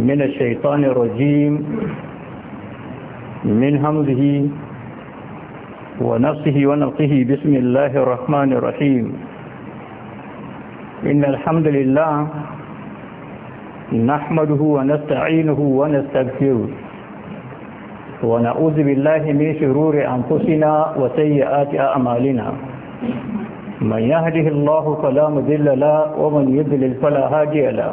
من الشيطان الرجيم من همزه ونفسه ونفسه بسم الله الرحمن الرحيم إن الحمد لله نحمده ونستعينه ونستغفره ونعوذ بالله من شرور أنفسنا وسيئات أعمالنا من يهده الله فلا مذل له ومن يذلل فلا هادي له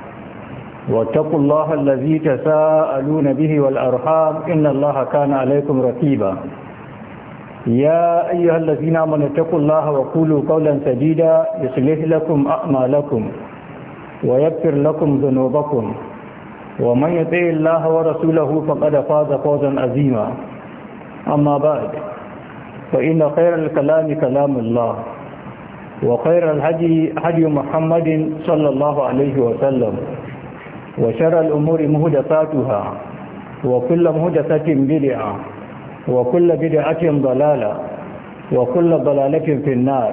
واتقوا الله الذي تساءلون به والأرحام إن الله كان عليكم رقيبا يا أيها الذين آمنوا اتقوا الله وقولوا قولا سديدا يصلح لكم أعمالكم ويغفر لكم ذنوبكم ومن يطع الله ورسوله فقد فاز فوزا عظيما أما بعد فإن خير الكلام كلام الله وخير الهدي هدي محمد صلى الله عليه وسلم وشر الأمور مهدساتها وكل مهدسة بدعة وكل بدعة ضلالة وكل ضلالة في النار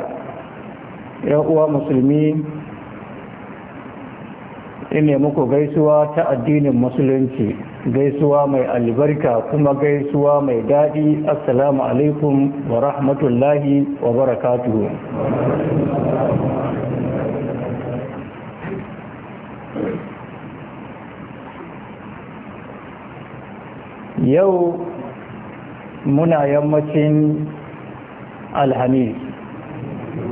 يقوى مسلمين إني مكو غيسوا تأدين المسلمين gaisuwa mai albarka kuma gaisuwa mai daɗi assalamu alaikum wa rahmatullahi wa barakatuhu yau muna yammacin alhamis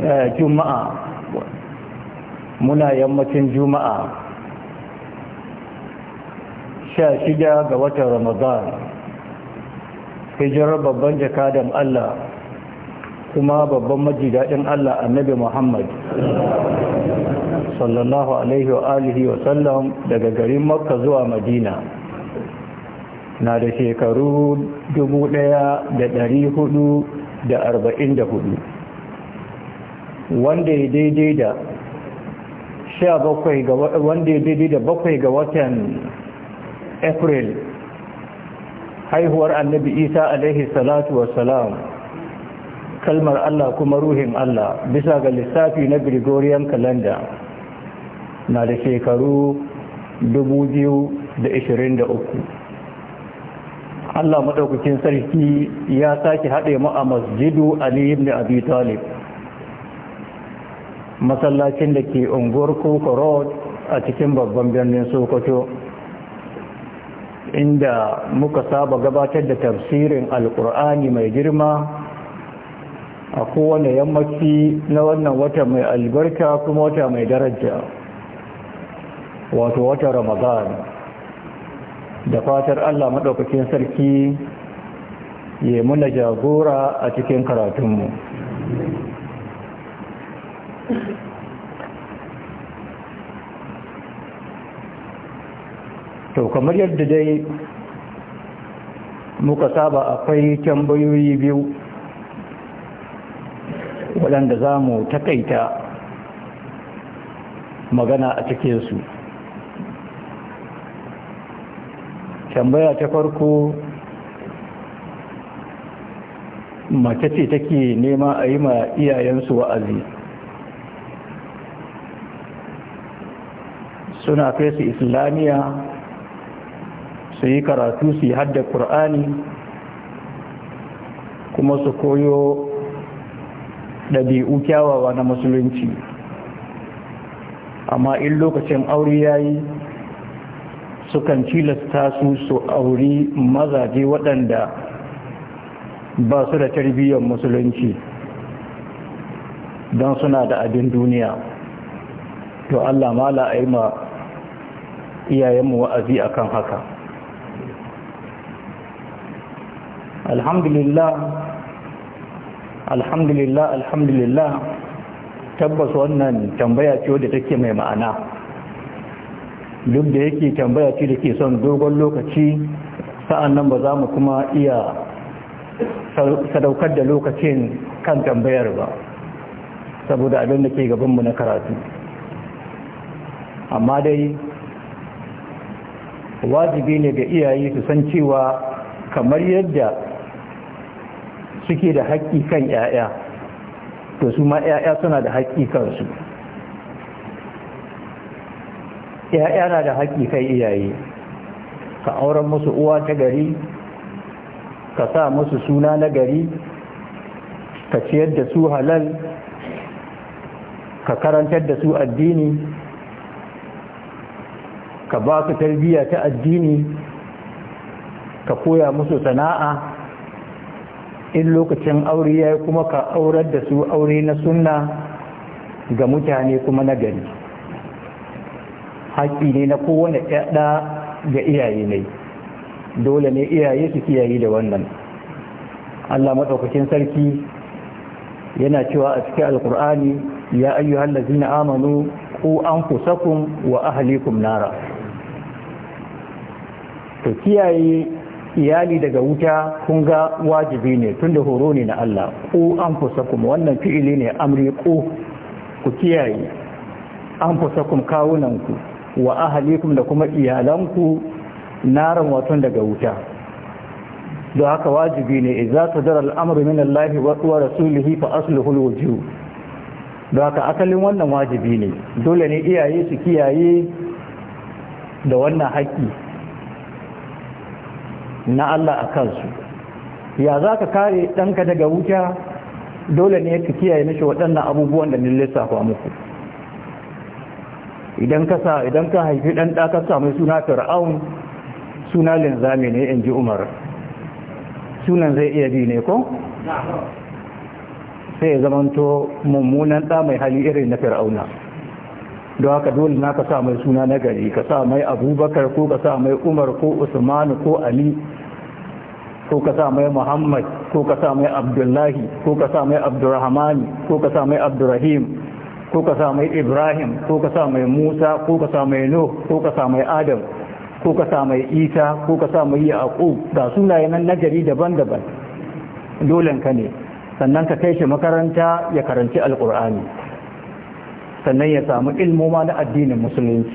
eh, juma'a muna yammacin juma'a sha shida ga watan ramadan hijirar babban jakadan allah kuma babban majidadin allah annabi muhammad sallallahu alaihi wa alihi wa sallam daga garin makka zuwa madina na da shekaru 1444 wanda ya daidai da bakwai ga wanda ya daidai da bakwai ga watan april haihuwar annabi isa alaihi salatu salam, kalmar allah kuma ruhin allah bisa ga lissafi na gregorian Kalanda na da shekaru 2023 Allah madaukakin sarki ya sake haɗe mu a masjidu Ali ibn Abi Talib masallacin da ke unguwar Koko Road a cikin babban birnin Sokoto inda muka saba gabatar da tafsirin alkur'ani mai girma a kowane yammaci na wannan wata mai albarka kuma wata mai daraja wato wata ramadan da fatar Allah maɗaukakin sarki ya muna jagora a cikin karatunmu to kamar yadda dai muka saba akwai tambayoyi biyu waɗanda za mu takaita magana a cikinsu tambaya ta farko mace ce take nema a yi ma iyayensu wa'azi suna kai su islamiyya su yi karatu su yi hadda Kur'ani, kuma su koyo ɗabi'u kyawawa na musulunci amma in lokacin aure ya yi sukan cilasta su su auri mazaje waɗanda ba su da tarbiyyar musulunci don suna da abin duniya to Allah mala a yi ma iyayenmu wa'azi akan haka alhamdulillah alhamdulillah alhamdulillah tabbas wannan tambaya ce wadda take mai ma'ana duk da yake tambaya ce da ke son dogon lokaci sa'an nan ba za mu kuma iya sadaukar da lokacin kan tambayar ba saboda abin da ke gabanmu na karatu amma dai wajibi ne ga iyaye su san cewa kamar yadda suke da haƙƙi 'ya'ya to su ma 'ya'ya suna da haƙƙi kansu ya'ya na da haƙƙi kai iyaye ka auren musu uwa ta gari ka sa musu suna na gari ka ciyar da su halal ka karantar da su addini ka ba su tarbiyya ta addini ka koya musu sana'a in lokacin aure ya kuma ka aurar da su aure na sunna ga mutane kuma na gari haƙƙi ne na kowane ɗaɗa ga iyaye ne dole ne iyaye su kiyaye da wannan Allah maɗaukacin sarki yana cewa a cikin alkur'ani ya ayyuhal ladzina amanu ku kusakun wa ahalikum nara to kiyaye iyali daga wuta kun ga wajibi ne tunda horo ne na Allah ku kusakun wannan fi'ili ne amri ku ku kiyaye kusakun kawunanku wa ahalikum da kuma iyalanku naran waton daga wuta don haka wajibi ne idza zara al'amru min Allah wa rasulihi fa asluhu al-wujuh don haka asalin wannan wajibi ne dole ne iyaye su kiyaye da wannan haƙƙi na Allah a kansu ya za ka kare ɗanka daga wuta dole ne ka kiyaye mishi waɗannan abubuwan da ni lissafa muku idan ka idan ka haifi dan da ka samu suna fir'aun suna linzami ne in ji umar sunan zai iya bi ne ko sai ya zamanto mummunan da mai hali irin na fir'auna don haka dole na ka sa mai suna na gari ka sa mai abubakar ko ka sa mai umar ko usman ko ali ko ka sa mai muhammad ko ka sa mai abdullahi ko ka sa mai abdurrahmani ko ka sa mai abdurrahim ko ka sa mai ibrahim ko ka sa mai musa ko ka sa mai nuh ko ka sa mai adam ko ka sa mai isa ko ka sa mai yaqub ga sunayen nan nagari daban-daban dolen ka ne sannan ka kai shi makaranta ya karanci alkur'ani sannan ya samu ilmoma na addinin musulunci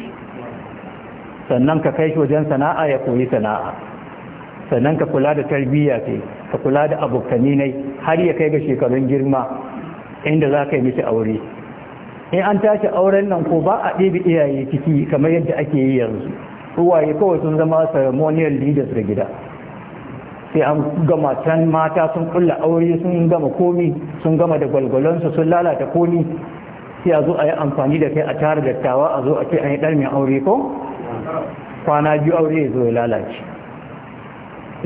sannan ka kai shi wajen sana'a ya koyi sana'a sannan ka kula da tarbiyya ce ka kula da abokanai har ya kai ga shekarun girma inda za ka yi mishi aure in an tashi auren nan ko ba a ɗebe iyaye ciki kamar yadda ake yi yanzu uwaye kawai sun zama ceremonial leaders da gida sai an gama can mata sun kulla aure sun gama komi sun gama da gwalgwalonsu sun lalata komi sai a zo a yi amfani da kai a tara dattawa a zo a ce an yi ɗan aure ko kwana biyu aure ya zo ya lalace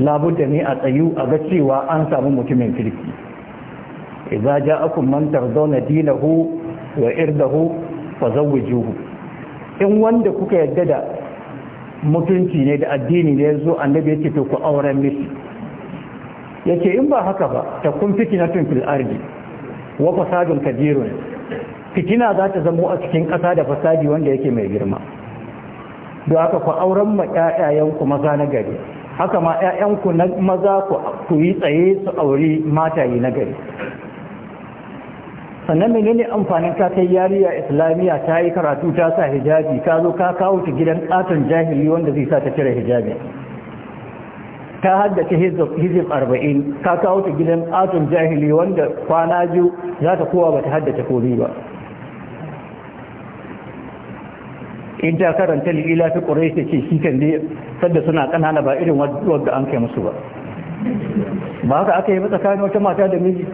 labudda ne a tsayu a ga cewa an samu mutumin kirki idza ja'akum man tardawna dinahu wa irdahu fa zawwijuhu in wanda kuka yadda da mutunci ne da addini ne yazo annabi yake to ku auren miki yake in ba haka ba ta kun fitnatun fil ardi wa fasadun kabirun fitina za ta zamo a cikin ƙasa da fasadi wanda yake mai girma don haka ku auren ma ku maza na gari haka ma 'ya'yanku na maza ku yi tsaye su auri mataye na gari sannan ne amfanin ka kai yariya islamiyya ta yi karatu ta sa hijabi ka zo ka kawo ta gidan katon jahili wanda zai sa ta cire hijabi ta haddace hizib arba'in ka kawo ta gidan katon jahili wanda kwana biyu za ta kowa ba ta haddace kori ba in ta karanta lila ta ƙurai ta ce shi kan dai sadda suna ƙanana ba irin wadda an kai musu ba ba haka aka yi tsakanin wata mata da miji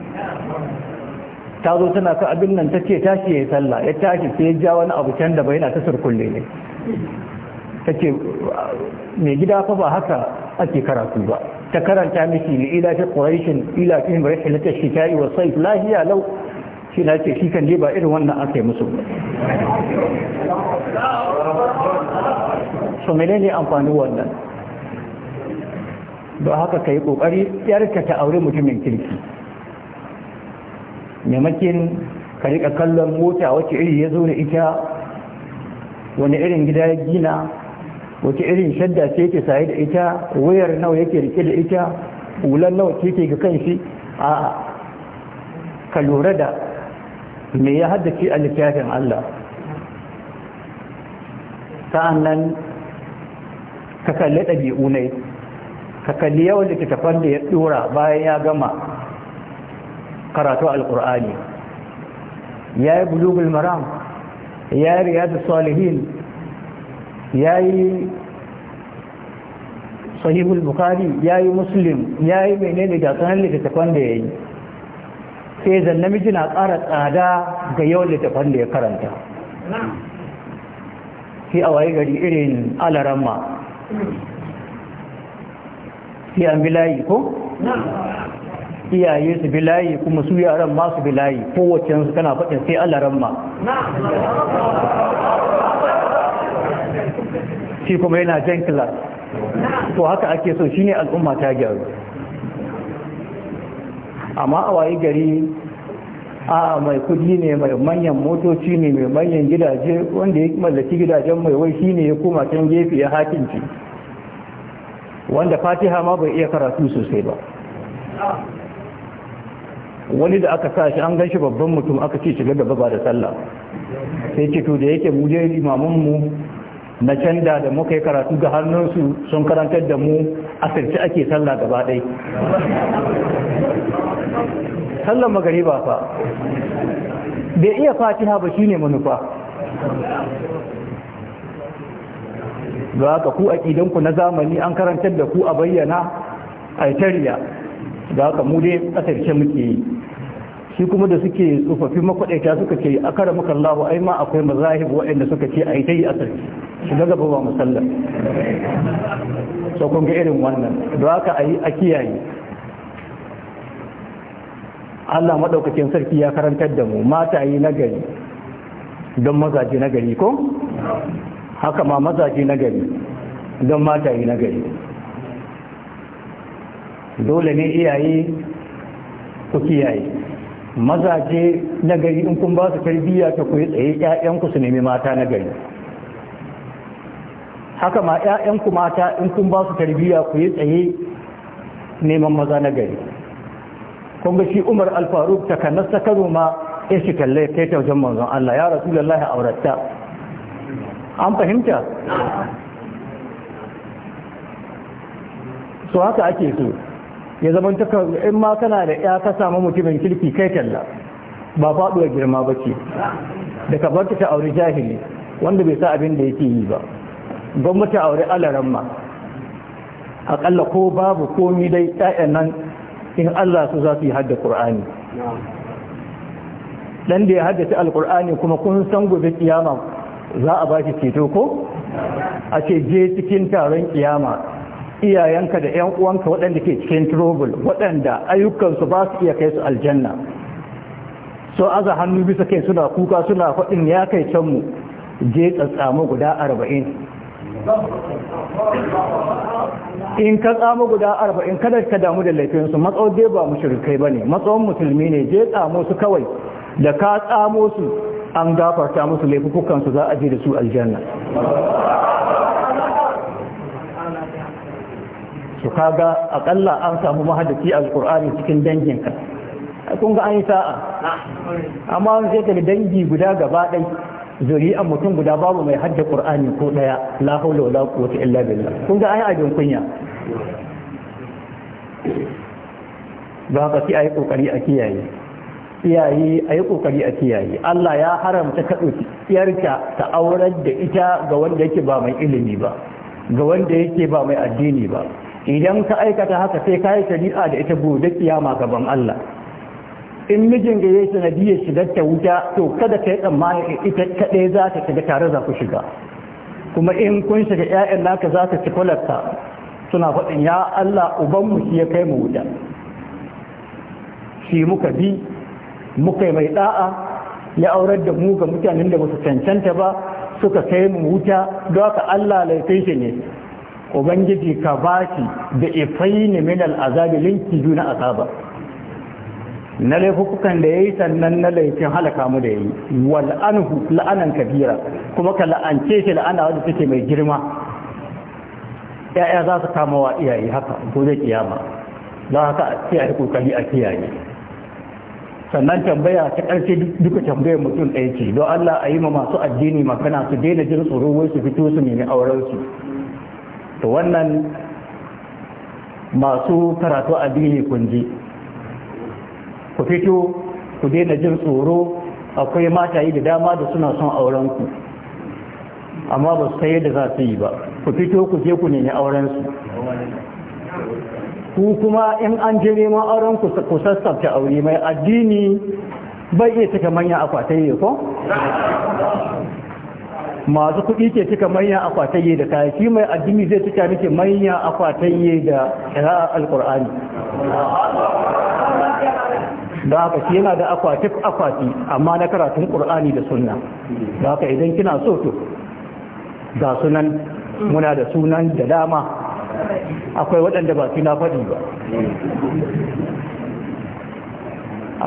ta zo tana ta abin nan ta ce tashi ya yi sallah ya tashi sai ya ja wani abu can da bai yana ta surkulle ne ta ce mai gida fa ba haka ake karatu ba ta karanta miki li ila ta quraishin ila fi ta shita'i wa sayf lahiya law shi na ce shi kan je ba irin wannan aka yi musu so menene amfanin wannan ba haka kai kokari yarka ta aure mutumin kirki maimakin ka rika kallon mota wacce iri ya zo da ita wani irin gida ya gina wace irin shadda ce yake saye da ita wayar nawa yake rike da ita hular nawa ce yake ga kanshi a ka lura da me ya haddace a littafin Allah sa'an nan ka kalli ɗabi'u ne ka kalli yawan littattafan da ya ɗora bayan ya gama karatu alkur'ani ya yi bulugul maram ya yi riyadu salihin ya yi sahihul bukhari ya yi muslim ya yi menene da sanan littattafan da ya yi sai zan namiji na ƙara tsada ga yawan littattafan da ya karanta sai a waye gari irin alaramma sai an bi layi ko? iyaye su bilayi kuma su yaran ma su bilayi kowace su tana faɗin sai Allah ramma shi kuma yana jan kilas to haka ake so shine al'umma ta gyaru amma a waye gari a mai kudi ne mai manyan motoci ne mai manyan gidaje wanda ya mallaki gidajen mai wai shine ya koma can gefe ya hakinci wanda fatiha ma bai iya karatu sosai ba wani da aka sa shi an gan shi babban mutum aka ce shiga gaba ba da sallah sai ce to da yake mu je imamun mu na canda da muka yi karatu ga hannunsu sun karantar da mu a sirce ake sallah gaba ɗai sallar magariba fa bai iya fatiha ba shine manufa ba ka ku a ku na zamani an karantar da ku a bayyana a da haka mu dai kasarce muke yi shi kuma da suke tsofaffi makwadaita suka ce a kara muka lahu ai ma akwai mazahib waɗanda suka ce a yi ta yi a sarki shi daga ba musallar saukon ga irin wannan da haka a yi a kiyaye Allah maɗaukakin sarki ya karantar da mu mata yi nagari don mazaje nagari ko haka ma mazaje nagari don mata yi nagari dole ne iyaye ku kiyaye mazaje na gari in kun ba su tarbiyya ta ku tsaye ƴaƴanku su nemi mata na gari haka ma ƴaƴanku mata in kun ba su tarbiyya ku yi tsaye neman maza na gari kun ga shi Umar Al-Faruq ta kanasta karo ma ya shi kalle kai ta wajen manzon Allah ya Rasulullahi auratta an fahimta so haka ake so ya zama taka in ma kana da ya ka samu mutumin kirki kai talla ba faduwa girma ba ce da ka bar ta aure jahili wanda bai sa abin da yake yi ba gwamnati aure alaran ma akalla ko babu komi dai ƴaƴan nan in Allah su za su yi hadda Qur'ani dan da ya ta alqur'ani kuma kun san gobe kiyama za a ba shi ceto ko a ce je cikin taron kiyama iyayenka da 'yan uwanka waɗanda ke cikin trouble waɗanda ayyukansu ba su iya kai su aljanna so aza hannu bisa kai suna kuka suna faɗin ya kai can mu je tsatsamu guda arba'in in ka tsamo guda arba'in kada ka damu da laifinsu matsawar dai ba mushrikai ba ne matsawar musulmi ne je tsamo su kawai da ka tsamo su an gafarta musu su za a je da su aljanna su kaga akalla an samu a alkur'ani cikin danginka kun ga an yi sa'a amma an sai ka dangi guda gaba ɗai zuri'an mutum guda babu mai hadda qur'ani ko ɗaya la hawla wala quwwata illa billah kun ga ai abin kunya ba ka ci ayi kokari a kiyaye iyaye ayi kokari a kiyaye Allah ya haramta ka dauki iyarka ta aurar da ita ga wanda yake ba mai ilimi ba ga wanda yake ba mai addini ba idan ka aikata haka sai ka yi shari'a da ita gobe kiyama gaban Allah in mijin ga yayi sanadiyar shigar ta wuta to kada ka yi tsammani ita kaɗai za ta shiga tare za ku shiga kuma in kun shiga 'ya'yan naka za ta ci kwalarka suna faɗin ya Allah ubanmu shi ya kai mu wuta shi muka bi muka yi mai ɗa'a ya aurar da mu ga mutanen da ba su cancanta ba suka kai mu wuta don haka Allah laifin shi ne ubangiji ka baki da ifaini min al'azabi linki juna azaba na laifukan da yayi sannan na laifin halaka mu da yayi wal anhu la'anan kabira kuma ka la'ance shi la'ana wanda take mai girma ya'ya za su kama wa iyaye haka gobe kiyama don haka sai a yi kokari a kiyaye sannan tambaya ta ƙarshe duka tambayar mutum ɗaya ce don Allah a yi ma masu addini magana su daina jin tsoro wai su fito su nemi auren su to wannan masu karatu addini kun ji ku fito ku daina jin tsoro akwai matayi da dama da suna son aurenku amma ba su sai yadda za su yi ba ku fito ku je ku nemi aurensu ku kuma in an je neman auren ku sassafta aure mai addini bai iya cika manyan akwatai ne ko masu kuɗi ke cika manyan akwatayye da kaya shi mai addini zai cika miki manyan akwatayye da kira alkur'ani da haka shi yana da akwati akwati amma na karatun ƙur'ani da sunna da haka idan kina so to ga sunan muna da sunan da dama akwai waɗanda ba suna faɗi ba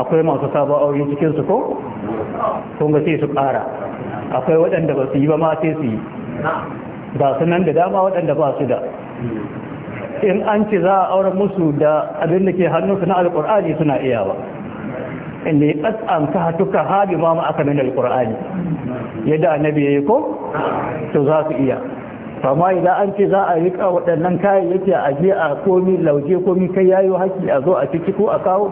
akwai masu sabon aure cikinsu ko? kunga sai su ƙara akwai waɗanda ba su yi ba ma sai su yi ba su nan da dama waɗanda ba su da in an ce za a aure musu da abin da ke hannunsu na alƙur'ani suna iya ba in inda ya tsantsanka hatuka haɗi ma aka min alƙur'ani yadda annabi ya yi ko to za su iya amma idan an ce za a riƙa waɗannan kayayyaki a je a komi lauje komi kai yayo haƙƙi a zo a ciki ko a kawo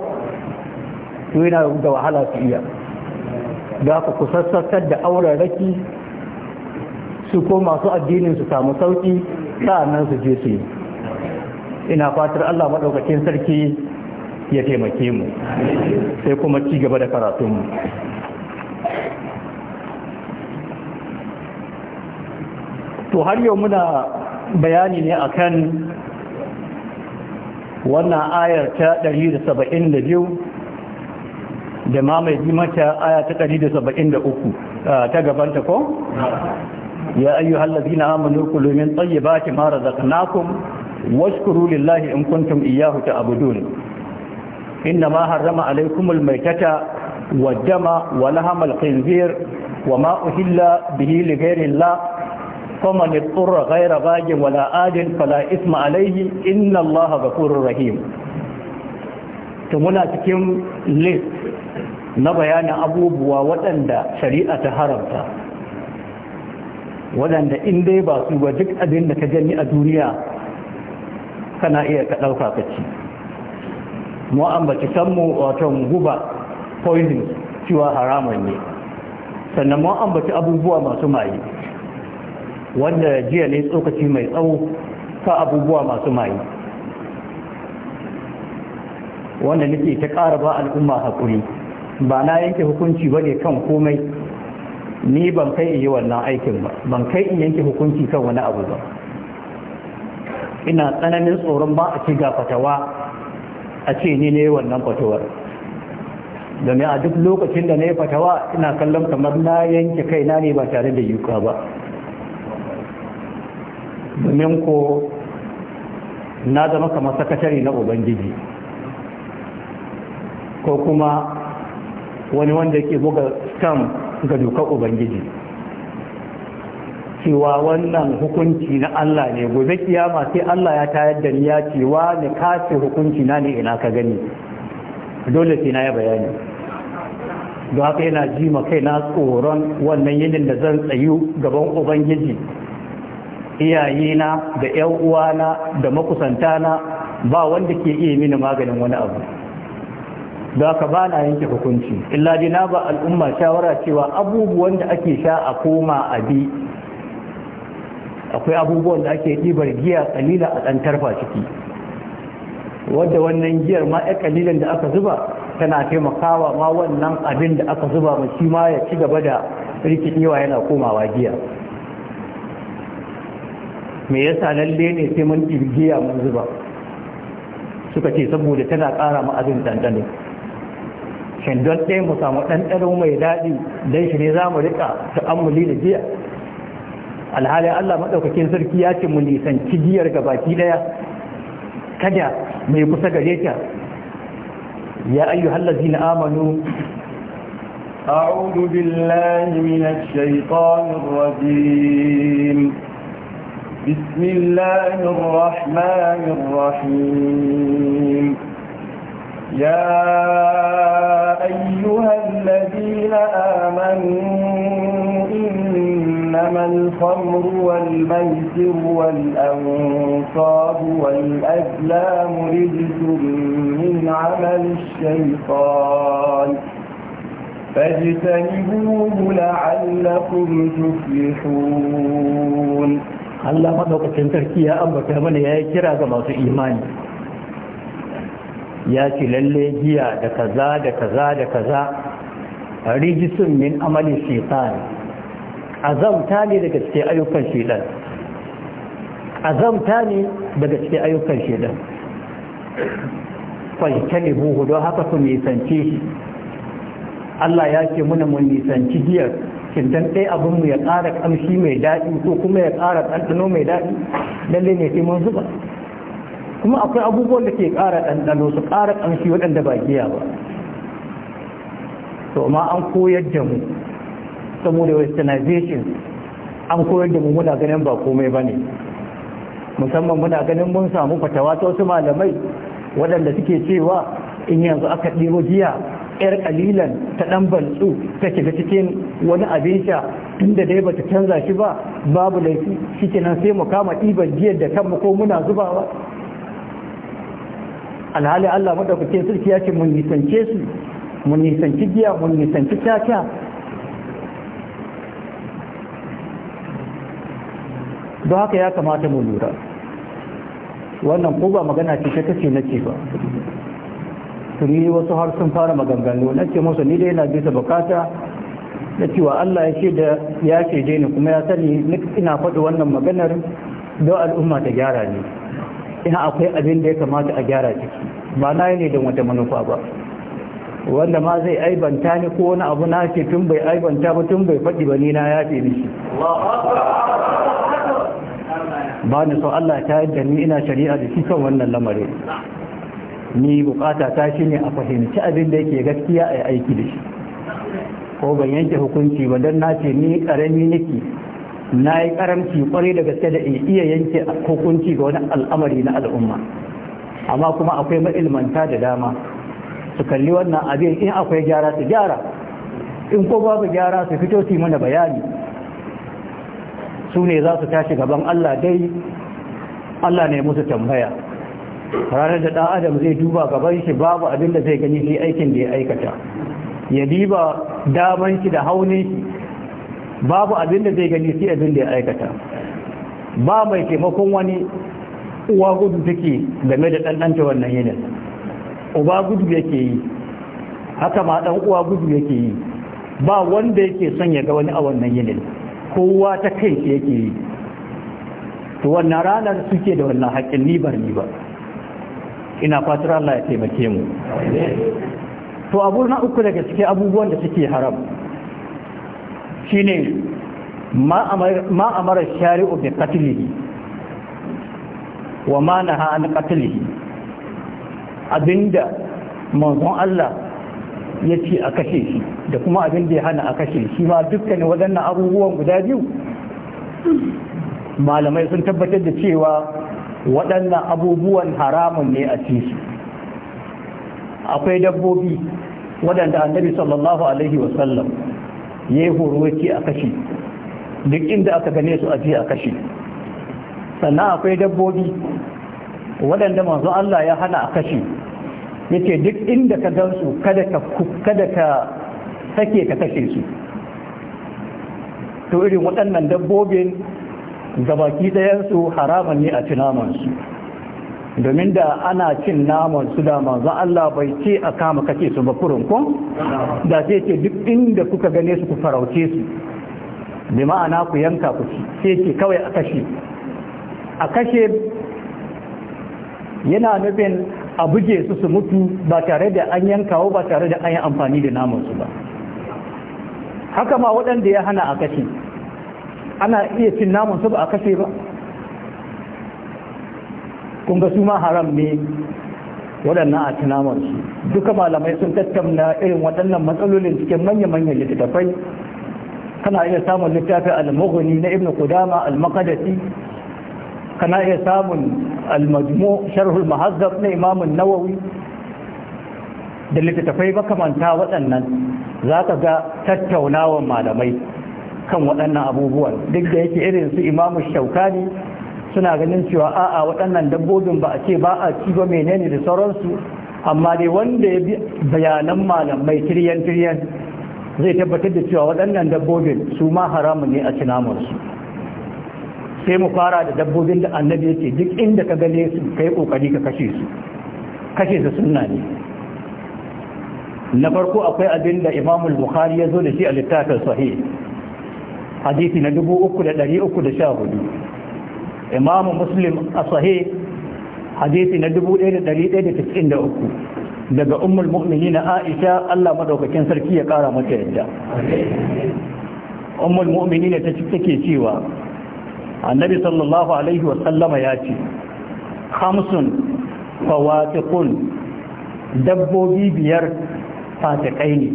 to yana da wahala su iya da ku kusassar da auren raki su ko masu addinin su samu sauki sa'annan su je su yi ina fatar Allah maɗaukakin sarki ya taimake mu sai kuma ci gaba da karatunmu to har yau muna bayani ne akan wannan ayar ta 172 da mamaye mata aya ta 173 ta gabanta ko ya ayyuhal ladina amanu kullu min tayyibati ma razaqnakum washkuru lillahi in kuntum iyyahu ta'budun inna ma harrama alaykum almaytata wadama wa lahama alqinzir wa ma uhilla bihi lighayri allah faman yattur ghayra baajin wala aadin fala isma alayhi inna allaha ghafurur rahim to muna cikin list na bayanin abubuwa waɗanda shari'a ta haramta waɗanda inda dai ba su ba duk abin da ka gani a duniya kana iya ka ɗauka ka ci mu san sanmu wato guba poison cewa haramun ne sannan mu ci abubuwa masu maye wanda jiya ne tsokaci mai tsawo ka abubuwa masu maye wanda nake ta ƙara ba al'umma haƙuri ba na yanke hukunci ba ne kan komai ni ban kai in yi wannan aikin ba ban kai in yanke hukunci kan wani abu ba ina tsananin tsoron ba a ci ga fatawa a ce ni ne wannan fatawar domin a duk lokacin da na yi fatawa ina kallon kamar na yanke kaina ne ba tare da yuka ba domin ko na zama kamar sakatare na ubangiji ko kuma wani wanda yake buga stam ga dokar ubangiji cewa wannan hukunci na Allah ne gobe kiyama sai Allah ya tayar da ni ya ce wa ni kace hukunci na ne ina ka gani dole sai na ya bayani don haka yana ji ma kai na tsoron wannan yinin da zan tsayu gaban ubangiji iyayena da yan uwana da makusantana ba wanda ke iya mini maganin wani abu da ka ba na yanke hukunci illa dai na ba al'umma shawara cewa abubuwan da ake sha a koma a bi akwai abubuwan da ake ɗibar giya kalila a ɗan tarfa ciki wadda wannan giyar ma ya kalilan da aka zuba tana taimakawa ma wannan abin da aka zuba ma shi ma ya ci gaba da rikidewa yana komawa giya me yasa lalle ne sai mun giya mun zuba suka ce saboda tana ƙara ma abin ɗanɗano kan don ɗaya mu samu ɗanɗano mai daɗi don shi ne za mu rika ta'ammuli da giya alhali Allah maɗaukakin sarki ya ce mu nisanci giyar gabaki baki ɗaya kada mai kusa gare ta ya ayyu hallazi na amanu أعوذ بالله من الشيطان الرجيم بسم الله الرحمن الرحيم يا أيها الذين آمنوا إنما الخمر والميسر والأنصاب والأزلام رجس من عمل الشيطان فاجتنبوه لعلكم تفلحون Allah madaukakin sarki ya ambata mana ya yi kira ga masu imani ya ci lalle giya da kaza da kaza da kaza rijisun min amalin shaitan azamta ne daga cikin ayyukan shaitan azamta ne daga cikin ayyukan shaitan ne buhu don haka su nisanci. Allah ya ce muna mun nisanci giyar cintan ɗaya abinmu ya ƙara ƙamshi mai daɗi ko kuma ya ƙara ƙanɗano mai daɗi lalle ne sai mun zuba kuma akwai abubuwan da ke kara ɗanɗano su ƙara ƙanshi waɗanda ba giya ba to ma an koyar da mu saboda westernization an koyar da mu muna ganin ba komai ba ne musamman muna ganin mun samu fatawa ta wasu malamai waɗanda suke cewa in yanzu aka ɗiro giya yar kalilan ta ɗan bantsu ta shiga cikin wani abin sha tunda dai bata canza shi ba babu laifi shi kenan sai mu kama ɗiban giyar da kanmu ko muna zubawa alhali Allah madaukakin sarki ya ce mun nisance su mun nisanci giya mun nisanci caca don haka ya kamata mu lura wannan ko ba magana ce ta ce na ba tuni wasu har sun fara maganganu na ce musu ni dai na bisa bukata na cewa Allah ya ce da ya ce dai ni kuma ya sani ina faɗi wannan maganar don al'umma ta gyara ne ina akwai abin da ya kamata a gyara ciki ba na yi ne don wata manufa ba wanda ma zai aibanta ni ko wani abu na ce tun bai aibanta ba tun bai faɗi ba ni na yafe shi. ba ni so Allah ta yadda ni ina shari'a da shi kan wannan lamarin ni bukata ta shi ne a fahimci abin da yake gaskiya a aiki da shi ko ban yanke hukunci ba don na ce ni karami nake na yi karamci kwarai da gaske da in iya yanke hukunci ga wani al'amari na al'umma amma kuma akwai ma'ilmanta da dama su kalli wannan abin in akwai gyara su gyara in ko babu gyara su fito su mana bayani su ne za su tashi gaban Allah dai Allah ne musu tambaya ranar da ɗan adam zai duba gaban shi babu abin da zai gani shi aikin da ya aikata ya diba daman shi da hauni babu abin da zai gani shi abin da ya aikata ba mai taimakon wani uwa gudu take game da ɗanɗanta wannan yinin uba gudu yake yi haka ma ɗan uwa gudu yake yi ba wanda yake son ya ga wani a wannan yinin kowa ta kai yake yi to wannan ranar suke da wannan haƙƙin ni ba? ina fatar Allah ya taimake mu to abu na uku daga cikin abubuwan da suke haram shine ma amara shari'u bi qatlihi wa ma naha an qatlihi abinda manzon Allah ya ce a kashe shi da kuma abinda ya hana a kashe shi ma dukkanin waɗannan abubuwan guda biyu malamai sun tabbatar da cewa waɗannan abubuwan haramun ne a cikin. akwai dabbobi waɗanda annabi sallallahu alaihi wasallam ya yi horoci a kashe duk inda aka gane su a je a kashe sannan akwai dabbobi waɗanda masu Allah ya hana a kashe yace duk inda ka gansu kada ka kada ka sake ka kashe su to irin waɗannan dabbobin gabaki ɗayansu haramun ne a ci namansu domin da ana cin naman da masu Allah bai ce a kama kashe su ba kurun kun da sai ce duk inda kuka gane su ku farauce su bi ma'ana ku yanka ku ce. ce kawai a kashe a kashe yana nufin a buge su su mutu ba tare da an yankawo ba tare da an yi amfani da namansu ba haka ma waɗanda ya hana a kashe ana iya cin namansu ba a kashe ba kunga su ma haram ne waɗannan a ci namansu duka malamai sun tattauna irin waɗannan matsalolin cikin manya-manyan littattafai kana iya samun littafin al-mughni na ibnu qudama al-maqdisi kana iya samun almajmu sharhul mahazzab na imamun nawawi da littattafai makamanta waɗannan za ka ga tattaunawan malamai kan waɗannan abubuwan duk da yake irin su imamu shaukani suna ganin cewa a'a waɗannan dabbobin ba a ce ba a ci ba menene da sauransu amma dai wanda ya bi bayanan malamai tiriyan-tiriyan zai tabbatar da cewa waɗannan dabbobin su ma haramun ne a cinamarsu su. sai mu fara da dabbobin da annabi yake duk inda ka gane su kai kokari ka kashe su kashe su sunna ne na farko akwai abin da Imam bukhari ya zo da shi a littafin sahih hadisi na 3314 Imam Muslim a sahih hadisi na 1193 daga ummul mu'minin Aisha Allah madaukakin sarki ya kara mata yadda ummul mu'minin ta take cewa annabi sallallahu alaihi wasallama ya ce hamsun fawatiqun dabbobi biyar fasikai ne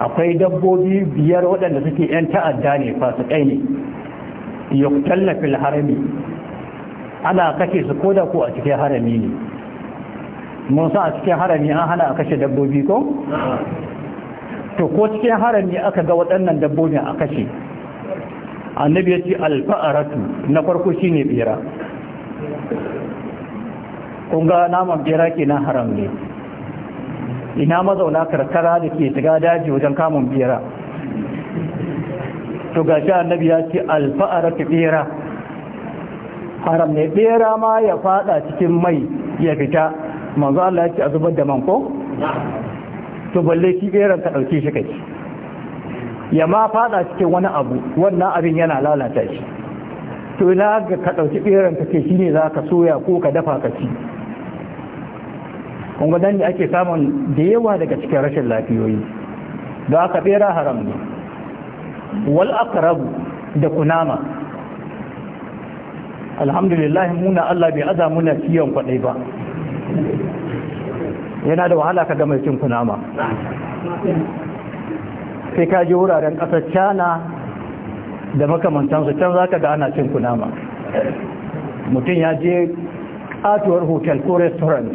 akwai dabbobi biyar waɗanda suke 'yan ta'adda ne fasikai ne yuktalna fil harami ana kashe su koda ko a cikin harami ne mun sa a cikin harami an hana a kashe dabbobi ko to ko cikin harami aka ga waɗannan dabbobin a kashe annabi ya ce alfa'aratu na farko shine bera ƙunga naman bera ke nan haram ne ina mazauna karkara da ke shiga daji wajen kamun bera to ga shi annabi ya ce alfa'aratu bera haram ne bera ma ya fada cikin mai ya fita manzo ya ce a zubar da manko to balle shi beran ka dauke shi kai ya ma fada cikin wani abu wannan abin yana lalata shi to na ga ka ɗauki ɓeran ka ce shine za ka soya ko ka dafa ka ci kun ne ake samun da yawa daga cikin rashin lafiyoyi da aka ɓera haram ne wal aqrab da kunama alhamdulillah muna Allah bai aza muna ciyon kwaɗai ba yana da wahala ka ga mai cin kunama sai ka je wuraren ƙasar cana da makamantansu can za ka ga ana cin kunama mutum ya je atuwar hotel ko restaurant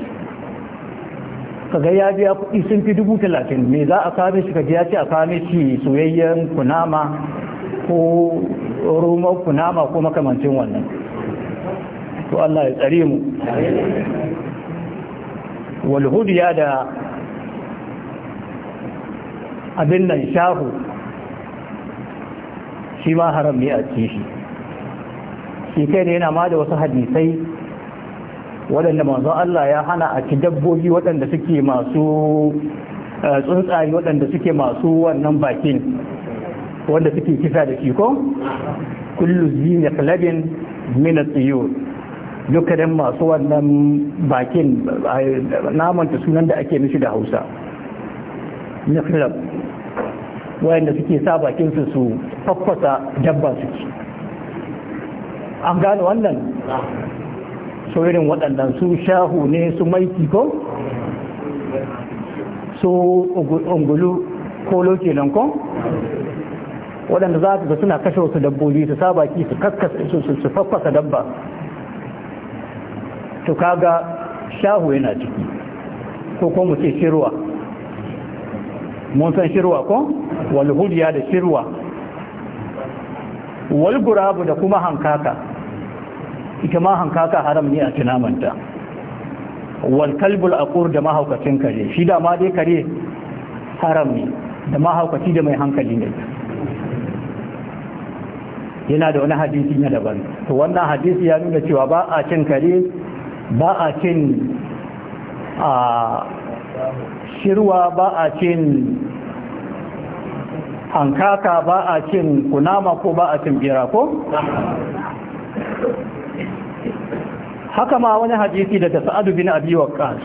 kaga ya biya kuɗi sun fi dubu talatin me za a kame shi ka ya ce a kame shi soyayyen kunama ko romar kunama ko makamancin wannan to Allah ya tsare mu walhudiya da abin nan shahu shi ma haram ne a ci shi shi kai ne yana ma da wasu hadisai waɗanda manzo Allah ya hana a ci dabbobi waɗanda suke masu eh, tsuntsari waɗanda suke masu wannan bakin wanda suke kisa da shi ko kullu zini qalbin min at-tuyur dukkanin masu wannan bakin eh, namanta sunan da ake mishi da Hausa niqlab wayanda suke sa bakin su su faffasa dabba su an gane wannan so irin waɗannan su shahu ne su maiki ko su ungulu ko loke nan ko waɗanda za suna kashe wasu dabbobi su sa baki su kakkasa su faffasa dabba to kaga shahu yana ciki ko kuma ce shirwa mun san shirwa ko walhudiya da shirwa walgurabu da kuma hankaka ita ma hankaka haram ne a tunamanta walkalbul akur da mahaukacin kare shi da ma dai kare haram ne da mahaukaci da mai hankali ne yana da wani hadisi na daban to wannan hadisi ya nuna cewa ba a cin kare ba a cin a shirwa ba a cin hankaka ba a cin kunama ko ba a cin bera ko haka ma wani hadisi daga sa'adu bin abi waqqas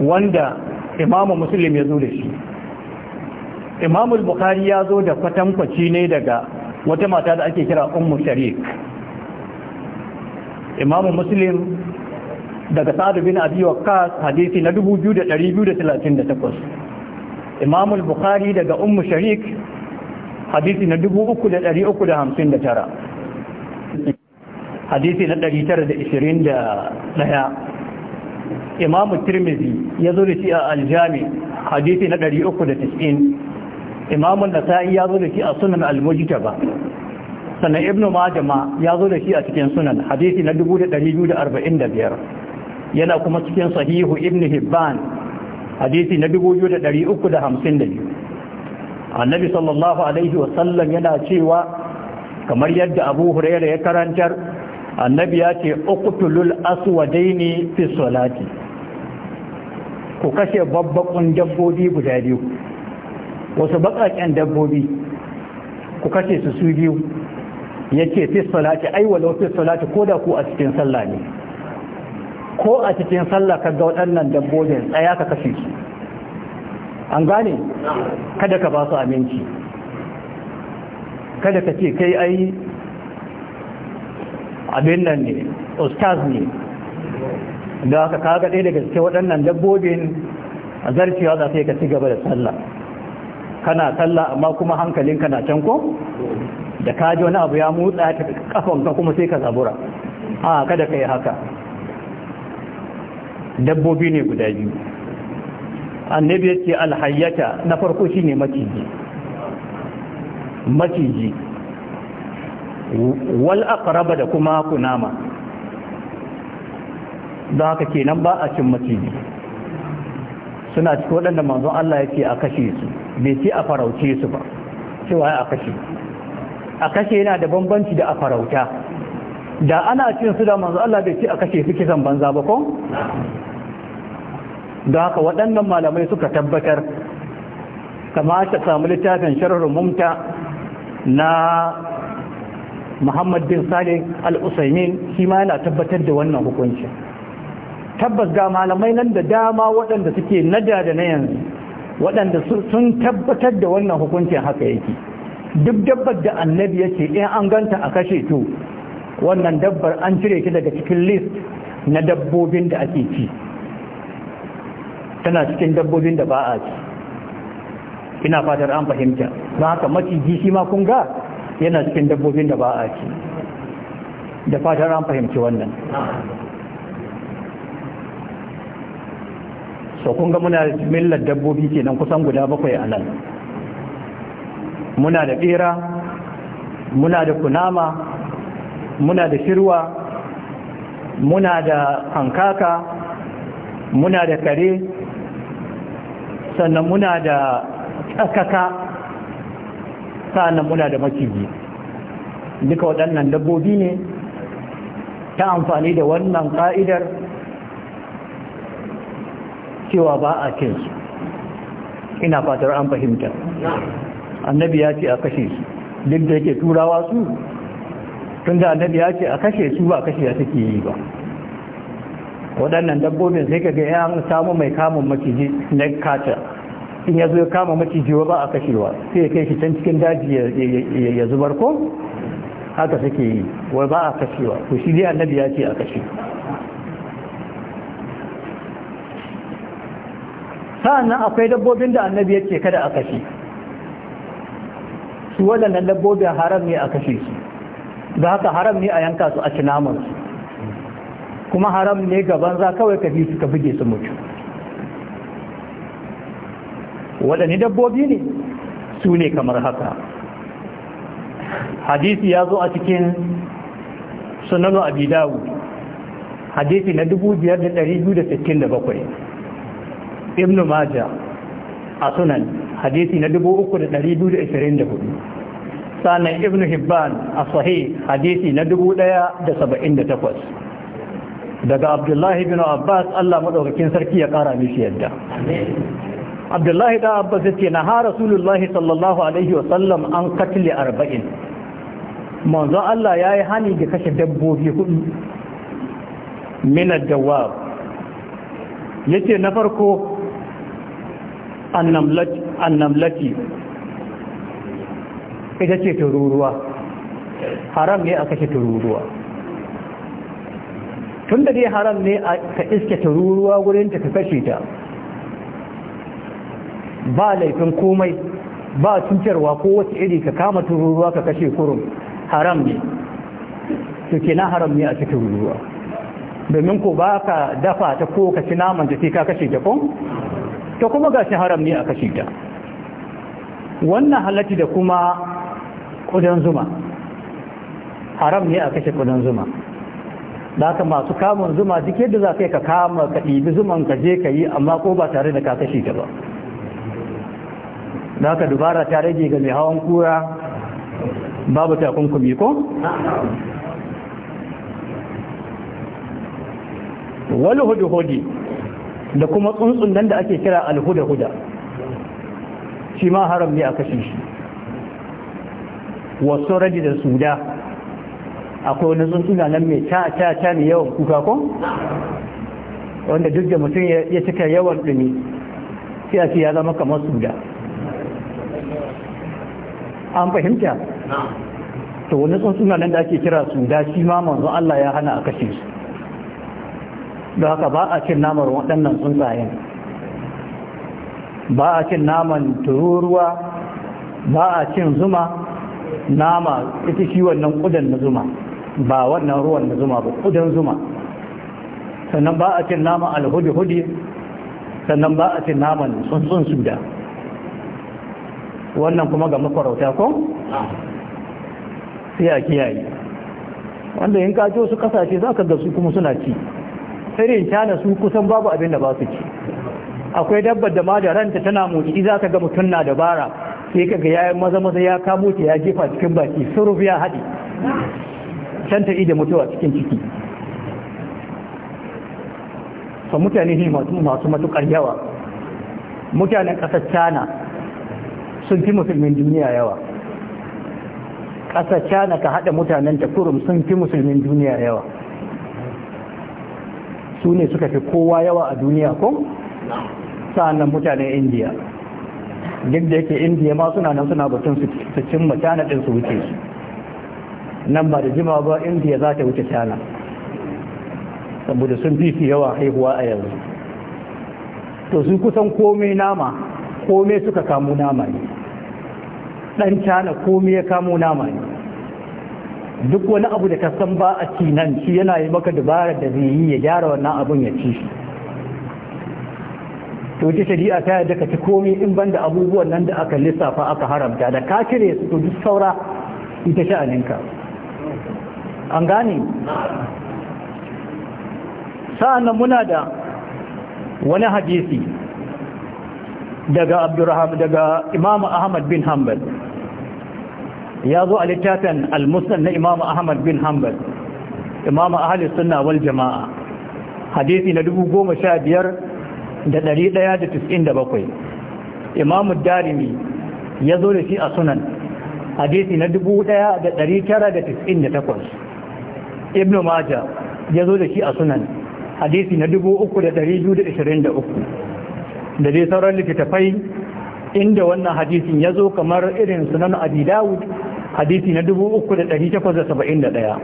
wanda imamu muslim ya zo da shi imamu bukhari ya zo da kwatankwaci ne daga wata mata da ake kira ummu shari'a imamu muslim daga sa'adu bin abi waqqas hadisi na 2238 imam al-bukhari daga ummu sharik hadisi na 3359 hadisi na 921 imam tirmizi ya zo da shi a aljami hadisi na 390 imam an-nasa'i ya zo da shi a sunan al-mujtaba sannan ibnu majama ya zo da shi a cikin sunan hadisi na 2245 yana kuma cikin sahihu ibn hibban hadisi na 2352 annabi sallallahu alaihi wasallam yana cewa kamar yadda abu huraira ya karantar annabi ya ce uqtulul aswadaini fi salati ku kashe babbakun dabbobi guda biyu wasu bakakken dabbobi ku kashe su su biyu yake fi salati Aiwa walau fi salati koda ku a cikin sallah ne ko a cikin sallah ka ga waɗannan dabbobin tsaya ka kashe su an gane kada ka ba su aminci kada ka ce kai ai abin nan ne ustaz ne da aka kaga ɗaya daga cikin waɗannan dabbobin a zarcewa za ka ci gaba da sallah kana sallah amma kuma hankalinka na can ko da kaji wani abu ya motsa ta kafanka kuma sai ka zabura a kada ka yi haka dabbobi ne guda biyu annabi ya ce alhayyata na farko ne maciji maciji wal aqraba da kuma kunama da haka kenan ba a cin maciji suna cikin waɗanda manzon Allah ya ce a kashe su bai ce a farauce su ba cewa a kashe a kashe yana da bambanci da a farauta da ana cin su da manzon Allah bai ce a kashe su kisan banza ba ko Da haka waɗannan malamai suka tabbatar kama ta samu littafin sharar mumta na muhammad bin salih al-usaimin shi ma yana tabbatar da wannan hukunci tabbas ga malamai nan da dama waɗanda suke nada da na yanzu waɗanda sun tabbatar da wannan hukuncin haka yake duk dabbar da annabi yake in an ganta a kashe to wannan dabbar an cire ki daga cikin list na dabbobin da ake ci tana cikin dabbobin da ba a ci ina fatar an fahimta don haka maciji shi ma kun ga yana cikin dabbobin da ba a ci da fatar an fahimci wannan so kun ga muna millar dabbobi ke nan kusan guda bakwai a nan muna da bera muna da kunama muna da shirwa muna da hankaka muna da kare sannan muna da tsakaka sannan muna da maciji duka waɗannan dabbobi ne ta amfani da wannan ƙa'idar cewa ba a su ina fatar an fahimta annabi ya ce a kashe su duk da yake turawa su tun da annabi ya ce a kashe su ba kashe ya take yi ba waɗannan dabbobin sai ka ga ya samu mai kamun maciji na kata in ya zo ya kama maciji ba a kashewa sai ya kai shi can cikin daji ya zubar ko haka suke yi wa ba a kashewa ku shi dai annabi ya ce a kashe sa'annan akwai dabbobin da annabi ya ce kada a kashe su waɗannan dabbobin haram ne a kashe su da haka haram ne a yanka su a cinamansu kuma haram ne ga banza kawai ka bi suka buge su mutu waɗanne dabbobi ne su ne kamar haka hadisi ya zo a cikin sunanu abi dawud hadisi na 5267 ibnu maja a sunan hadisi na 3224 sannan ibnu hibban a sahih hadisi na 1078 daga abdullahi bin abbas allah maɗaukakin sarki ya ƙara mishi yadda abdullahi da abbas ya ce na ha rasulullahi sallallahu alaihi wasallam an katile arba'in manzon allah ya yi hani da kashe dabbobi hudu minar dawa ya ce na farko namlaki ita ce tururuwa haram ne a kashe tururuwa tun da dai haram ne ka iske ta ruruwa gurin ta ka kashe ta ba laifin komai ba cutarwa ko wace iri ka kama ruruwa ka kashe kurum haram ne to kenan haram ne a cikin ruruwa domin ko ba ka dafa ta ko ka ci naman ta sai ka kashe ta kun ta kuma gashi haram ne a kashe ta wannan halatti da kuma kudan zuma haram ne a kashe kudan zuma da masu kamun zuma duk yadda za ka yi ka kama ka ɗibi zuman ka je ka yi amma ko ba tare da ka kashe ta ba da haka dubara ta rage ga mai hawan kura babu takunkumi ko? wani hudu-hudu da kuma tsuntsun nan da ake kira alhuda-huda shi ma haram ne a kashe shi wasu radi da suda akwai wani tsuntsuna nan mai ta ta ta mai yawan kuka ko wanda duk da mutum ya cika yawan ɗumi sai a ya zama kamar suda an fahimta to wani tsuntsuna nan da ake kira suda shi ma manzo Allah ya hana a kashe su don haka ba a cin namar waɗannan tsuntsayen ba a cin naman tururuwa ba a cin zuma nama ita shi wannan kudan na zuma ba wannan ruwan da zuma ba kudin zuma sannan ba a cin naman alhudi-hudi sannan ba a cin naman tsuntsun suda wannan kuma ga makwarauta ko? sai a kiyaye wanda yin kaji wasu kasashe za ka ga su kuma suna ci irin tana su kusan babu abin da ba su ci akwai dabbar da ma da ranta tana motsi za ka ga mutum na dabara sai ka ga yayin maza maza ya kamo ta ya jefa cikin baki suruf ya haɗe can ta da mutuwa cikin ciki fa mutane ne masu matukar yawa mutanen ƙasar china sun fi musulmin duniya yawa ƙasar china ka haɗa mutanen ta kurum sun fi musulmin duniya yawa su ne suka fi kowa yawa a duniya ko sa'annan mutanen indiya duk da yake indiya ma suna nan suna batun su cin mutane ɗin su wuce su nan ba da jima ba indiya za ta wuce tana saboda sun fi fi yawa haihuwa a yanzu to su kusan komai nama komai suka kamo nama ne dan cana komai ya kamo nama ne duk wani abu da ka san ba a cinan shi yana yi maka dubara da zai yi ya gyara wannan abun ya ci to ji shari'a ta yadda ka ci komai in banda abubuwan nan da aka lissafa aka haramta da ka su to duk saura ita sha'aninka an gane sa'annan muna da wani hadisi daga abdurrahman daga imamu ahmad bin hanbal ya zo a littafin al-musnad na imamu ahmad bin hanbal imamu ahalis suna wal jama'a hadisi na bakwai, imamu darimi ya zo da shi a sunan hadisi na 1998 ibn majah ya zo da shi a sunan hadisi na 3223 da dai sauran littattafai inda wannan hadisin ya zo kamar irin sunan abi dawud hadisi na 3871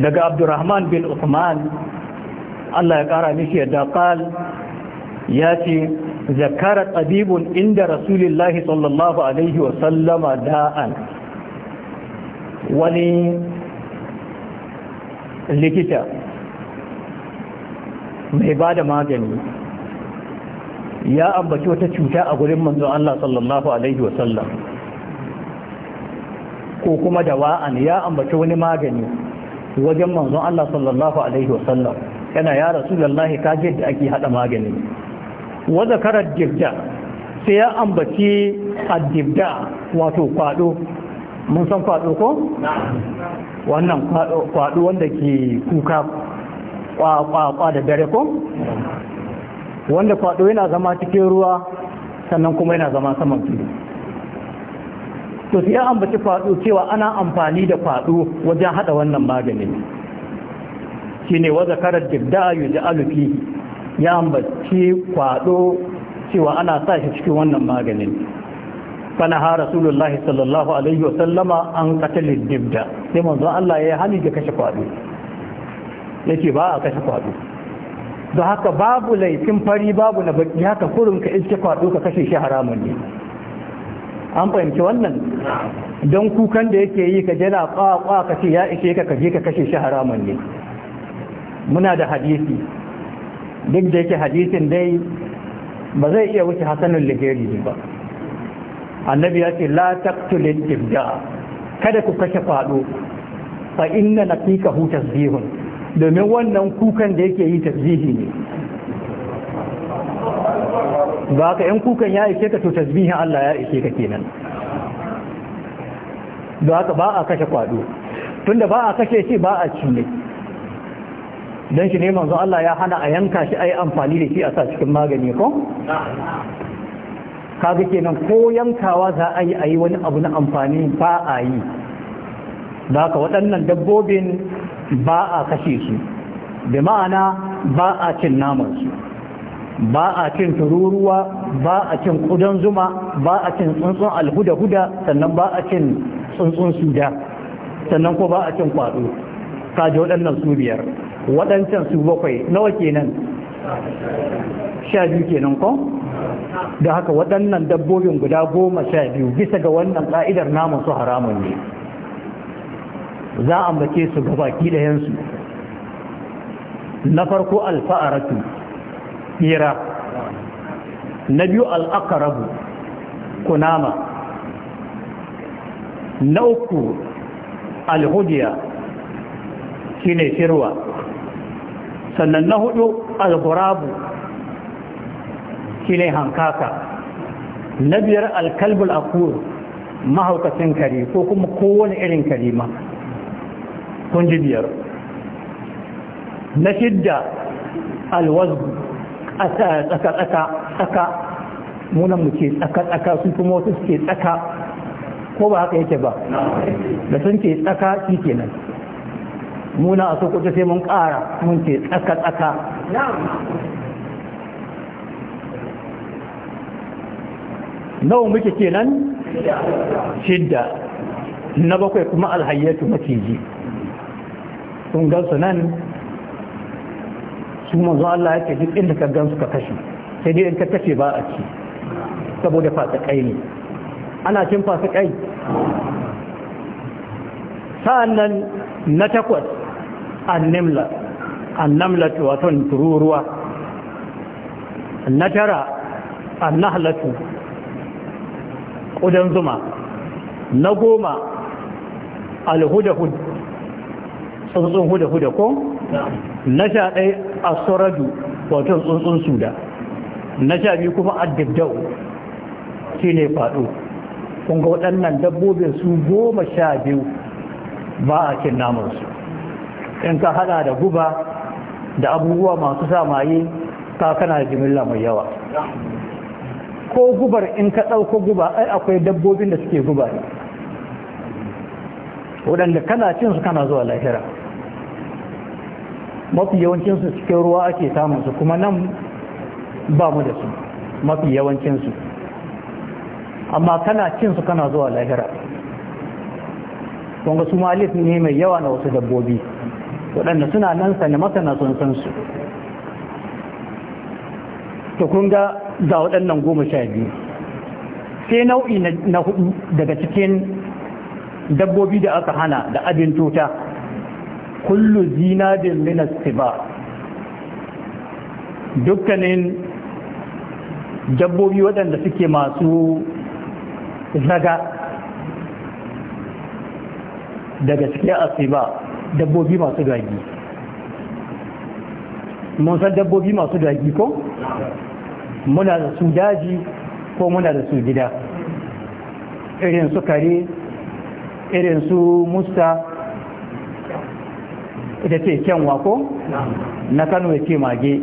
daga abdurrahman bin uthman Allah ya kara mishi yadda qal ya ce zakara tabibun inda rasulullahi sallallahu alaihi wa sallama da'an wani likita mai ba da magani ya ambaci wata cuta a gurin manzon Allah sallallahu alaihi wasallam ko kuma da wa'an ya ambaci wani magani wajen manzon Allah sallallahu alaihi wasallam yana ya rasulullahi kaje da ake hada magani wa zakara dibda sai ya ambaci dibda wato kwado mun san kwado ko wannan kwado wanda ke kuka kwakwakwa da dare ko wanda kwado yana zama cikin ruwa sannan kuma yana zama saman tudu to sai ambaci kwado cewa ana amfani da kwado wajen hada wannan magani shine wa zakarar dibda yuj'alu fihi ya ambaci kwado cewa ana sa shi cikin wannan maganin فنهى رسول الله صلى الله عليه وسلم عن قتل الدبدة لما ظن الله يهاني كشف أبي yake ba a kashe kwado da haka babu laifin fari babu na baki haka kurin ka iske kwado ka kashe shi haramun ne an fahimci wannan don kukan da yake yi ka jana kwakwa ka ce ya ishe ka kaje ka kashe shi haramun ne muna da hadisi duk da yake hadisin dai ba zai iya wuce hasanul lahiri ba annabi ya ce la taqtulil ibda kada ku kashe fado fa inna naqiqahu tasbihun domin wannan kukan da yake yi tasbihi ne ba ka yan kukan ya ishe ka to tasbihin Allah ya ishe ka kenan da ka ba a kashe fado tunda ba a kashe shi ba a ci ne don shi ne manzo Allah ya hana a yanka shi a yi amfani da shi a sa cikin magani ko? kaga kenan ko yankawa za a yi a yi wani abu na amfani ba a yi da ka waɗannan dabbobin ba a kashe su da ma'ana ba a cin namansu ba a cin tururuwa ba a cin ƙudan zuma ba a cin tsuntsun alhuda-huda sannan ba a cin tsuntsun suda sannan ko ba a cin kwaɗo kaji waɗannan su biyar waɗancan su bakwai nawa kenan sha biyu kenan ko da haka waɗannan dabbobin guda goma sha biyu bisa ga wannan ƙa'idar naman su haramun ne za a mace su ga baki ɗayansu na farko alfa'aratu ɓera na biyu al'akarabu kunama na uku alhudiya shine firwa sannan na hudu al-ghurabu shine hankaka na biyar al-kalbul aqur mahaukacin kare ko kuma kowane irin kalima kun ji biyar na shidda alwazbu tsaka-tsaka tsaka munan muke tsaka-tsaka su kuma wasu suke tsaka ko ba haka yake ba da sun ke tsaka shi kenan muna a sokoto sai mun kara mun ce tsaka-tsaka nawa muke kenan shidda na bakwai kuma alhayyatu maciji sun gansu nan su manzo Allah yake duk inda ka gansu ka kashe sai dai in ka kashe ba a ci saboda fasikai ne ana cin fasikai nan na takwas annimla annamlatu wato tururuwa na tara annahlatu ƙudan zuma na goma alhudahud tsuntsun hudahuda ko na sha ɗai tsuntsun na sha biyu kuma waɗannan dabbobin su goma sha biyu ba a cin namansu in ka hada da guba da abubuwa masu sa maye kana da jimilla mai yawa ko gubar in ka dauko guba ai akwai dabbobin da suke guba ne waɗanda kana cin su kana zuwa lahira mafi yawancinsu cikin ruwa ake samun su kuma nan ba mu da su mafi yawancinsu amma kana cin su kana zuwa lahira kunga su malif ne mai yawa na wasu dabbobi waɗanda suna nan sani masana sun san su to kun ga ga waɗannan goma sha biyu sai nau'i na hudu daga cikin dabbobi da aka hana da abin tuta kullu zinadin minas ba dukkanin dabbobi waɗanda suke masu zaga daga cikin asiba dabbobi masu dagi mun san dabbobi masu dagi ko muna da su daji ko muna da su gida irin su kare irin su musta ita ce kyanwa ko na kano ya ce mage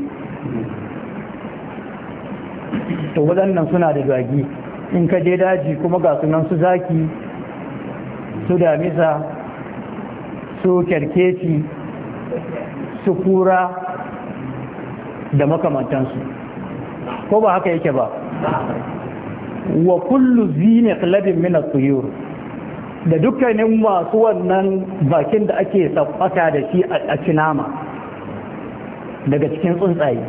to waɗannan suna da dagi in ka je daji kuma ga sunan su zaki su damisa su kyarkeci su kura da makamantansu ko ba haka yake ba wa kullu zini labin min at-tuyur da dukkanin masu wannan bakin da ake tsaffata da shi a cinama daga cikin tsuntsaye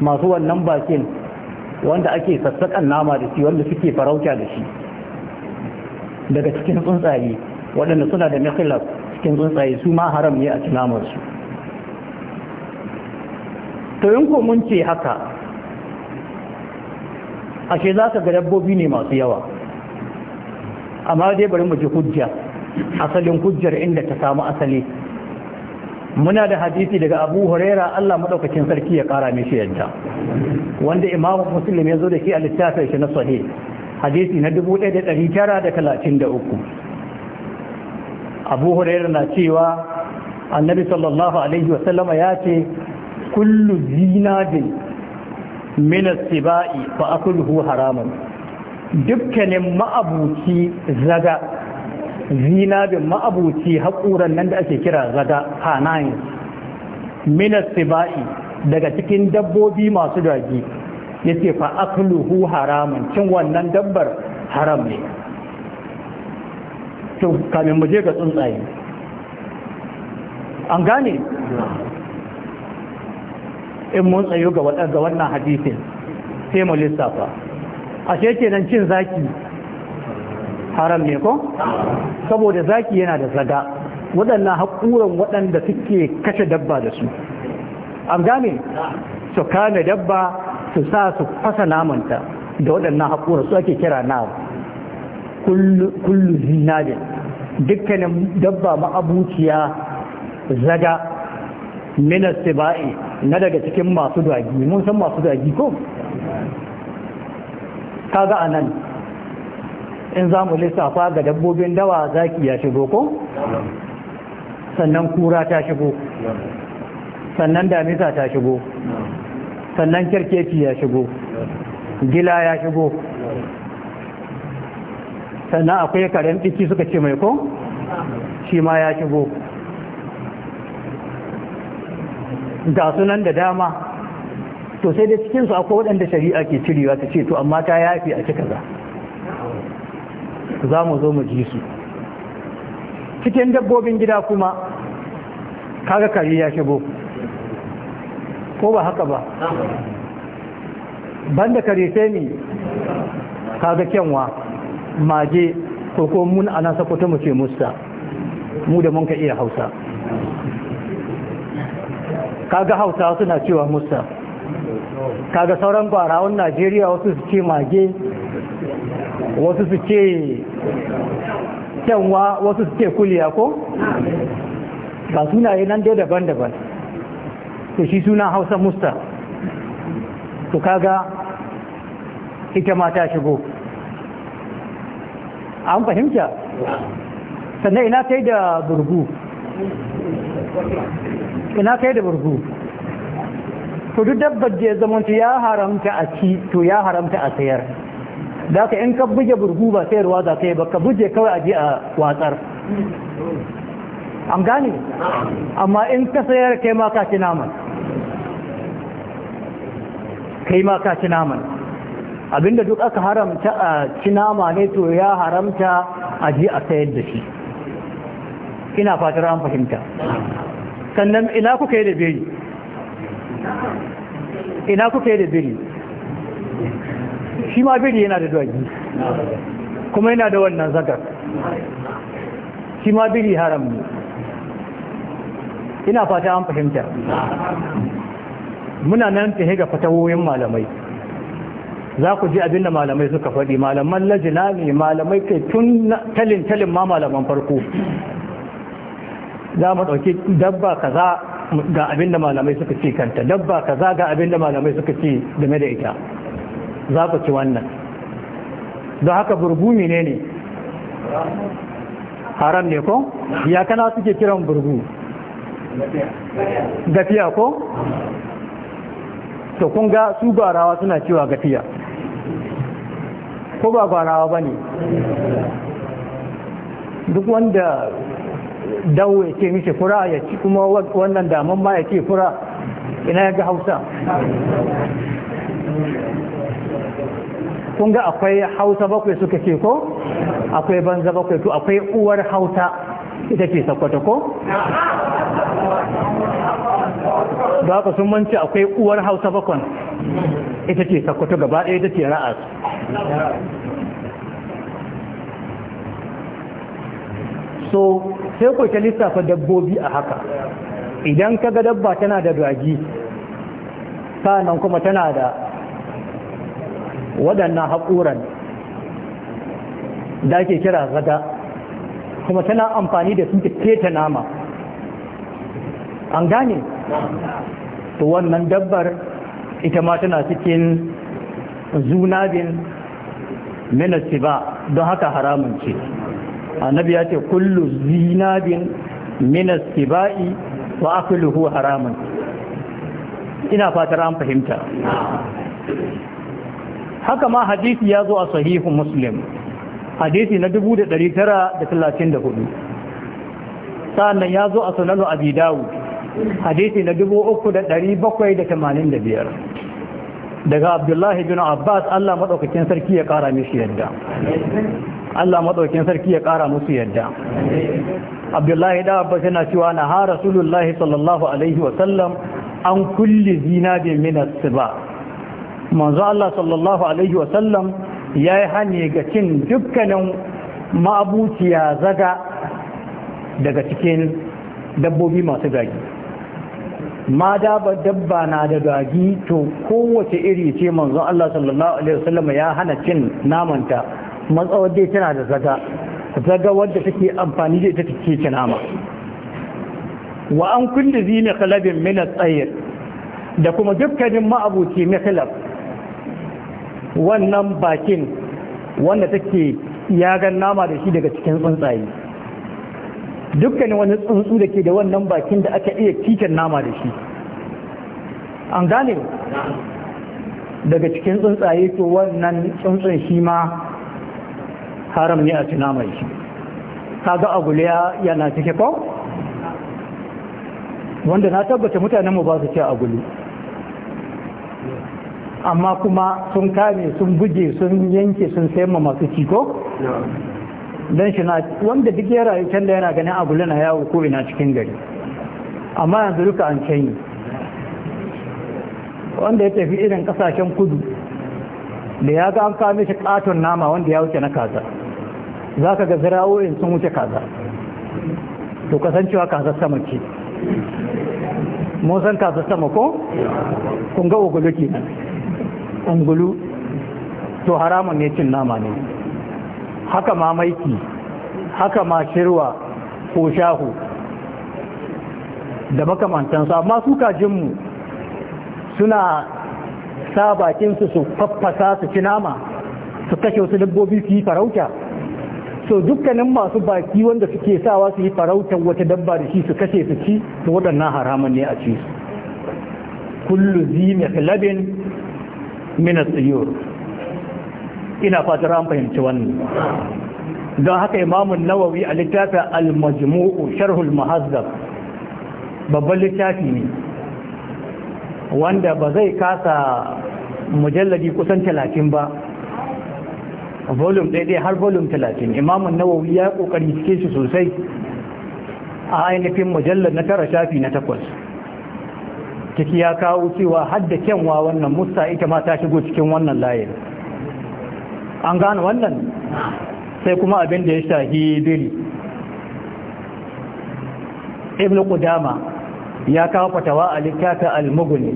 masu wannan bakin wanda ake sassaƙan nama da shi wanda suke farauta da shi daga cikin tsuntsaye waɗanda suna da mikhilaf cikin tsuntsaye su ma haram ne a tunamarsu to yin mun ce haka ashe za ka ga dabbobi ne masu yawa amma dai bari mu ji hujja asalin hujjar inda ta samu asali muna da hadisi daga abu huraira Allah maɗaukacin sarki ya ƙara shi yadda wanda imam muslim ya zo da shi a littafin shi na sahih hadisi na uku. abu hurairu na cewa annabi sallallahu alaihi wasallama ya ce kullu zinadin min sibai fa akuluhu haramun dukkanin ma'abuci zaga zinabin ma'abuci haƙuran nan da ake kira zaga hanayin min sibai daga cikin dabbobi masu dagi yace fa akuluhu haramun cin wannan dabbar haram ne to kamin mu je ga tsuntsaye an gane in mun tsayo ga wannan hadisin sai mu lissafa ashe kenan cin zaki haram ne ko saboda zaki yana da zaga waɗannan haƙuran waɗanda suke kashe dabba da su an gane su kame dabba su sa su fasa namanta da waɗannan haƙuran su ake kira na kullu zinadin dukkanin dabba ma'abuciya zaga minas tiba'i na daga cikin masu dagi mun san masu dagi ko kaga a nan in za mu lissafa ga dabbobin dawa zaki ya shigo ko sannan kura ta shigo sannan damisa ta shigo sannan kirkeci ya shigo gila ya shigo sannan akwai karen ɗiki suka ce mai ko shi ma ya shigo ga sunan da dama to sai da cikinsu akwai waɗanda shari'a ke cirewa ta ce to amma ta yafi a cika za za mu zo mu ji su cikin dabbobin gida kuma kaga kare ya shigo ko ba haka ba banda kare sai ni kaga kyanwa Maje ko ko mun ana sakwato mu ce musta mu da mun ka iya hausa kaga hausa suna cewa musta kaga sauran barawon najeriya wasu su ce mage wasu su ce kyanwa wasu su ce kuliya ko ba sunaye nan dai daban-daban to shi suna hausa musta to kaga ita ma shigo an fahimta sannan ina kai da burgu ina kai da burgu to duk dabbar da ya zamanci ya haramta a ci to ya haramta a sayar da ka in ka buge burgu ba sayarwa za ka yi ba ka buge kawai a je a watsar an gane amma in ka sayar kai ma ka ci naman kai ma ka ci naman abinda duk aka haramta a cinama ne to ya haramta a ji a sayar da shi ina fatar an fahimta sannan ina kuka yi da biri ina kuka yi da biri shi ma biri yana da dogi kuma yana da wannan zagar. shi ma biri haram ne ina fata an fahimta muna nan ta ga fatawoyin malamai za ku ji abinda malamai suka faɗi malaman lajina ne malamai kai tun talin talin ma malaman farko za mu ɗauki dabba kaza ga abinda malamai suka ce kanta dabba kaza ga abinda malamai suka ce game da ita za ku ci wannan don haka burgumi ne ne haram ne ko ya kana suke kiran burgu gafiya ko to kun ga su barawa suna cewa gafiya ko ba kwanawa ba ne duk wanda dawo ya ce mishi fura ya ci kuma wannan daman ma ya ce fura ina ya ga hausa kun ga akwai hausa bakwai suka ce ko akwai banza bakwai to akwai uwar hausa ita ce sakwata ko ba ka sun manci akwai uwar hausa bakwai? ita ce sakwata gaba ɗaya ita ce ra'as so sai ku ta lissafa dabbobi a haka idan ka ga dabba tana da gagi nan kuma tana da waɗannan haƙuran da ake kira zada kuma tana amfani da sun ta nama an gane to wannan dabbar ita ma tana cikin zunabin min ba don haka haramun ce annabi ya ce kullu zinabin min sibai wa akluhu haramun ina fatar an fahimta haka ma hadisi ya zo a sahihu muslim hadisi na 1934 sa'annan ya zo a sunanu abi dawud hadisi na 3785 daga abdullahi bin abbas allah maɗaukakin sarki ya ƙara mishi yadda allah maɗaukakin sarki ya ƙara musu yadda abdullahi da abbas yana cewa na ha rasulullahi sallallahu alaihi wasallam an kulli zinabin minas ba manzo allah sallallahu alaihi wasallam ya yi hane ga cin dukkanin ma'abuciya zaga daga cikin dabbobi masu gagi ma ba dabba na da gagi to kowace iri ce manzo Allah sallallahu alaihi wasallam ya hana cin namanta matsawar dai tana da zaga zaga wadda take amfani da ita take ci nama wa an kulli zina kalabin min at-tayr da kuma dukkanin ma'abuci mihlab wannan bakin wanda take yagan nama da shi daga cikin tsuntsaye dukkanin wani tsuntsu da ke da wannan bakin da aka iya kikin nama da shi an gane daga cikin tsuntsaye to wannan tsuntsun shi ma haram ne a ci nama shi kaga aguliya yana cike ko wanda na tabbata mutanenmu ba su ce guli amma kuma sun kame sun buge sun yanke sun sayan masu ciko don shi na wanda duk ya rayu can da yana ganin abu na yawo ko ina cikin gari amma yanzu duka an canyi wanda ya tafi irin kasashen kudu da ya ga an kame shi katon nama wanda ya wuce na kaza za ka ga in sun wuce kaza to kasancewa kaza sama ce mun san kaza sama ko kun ga ungulu to haramun ne cin nama ne haka ma maiki haka ma shirwa ko shahu da makamantansa amma su kajinmu suna sa bakinsu su faffasa su ci nama su kashe wasu dabbobi su yi farauta so dukkanin masu baki wanda suke sawa su yi farautar wata dabba da shi su kashe su ci to waɗannan haramun ne a ci su kullu zi mai labin minas tsiyoro ina fatar an fahimci wannan don haka imamun nawawi a littafin al-majmu'u sharhul muhazzab babban littafi ne wanda ba zai kasa mujalladi kusan talatin ba volume ɗaya har volume talatin imamun nawawi ya ƙoƙari cikin shi sosai a ainihin mujallar na tara shafi na takwas ciki ya kawo cewa hadda kyanwa wannan musa ita ma ta shigo cikin wannan layin an gane wannan sai kuma abin da ya shahi biri ibn kudama ya kawo fatawa a littafin al-mughni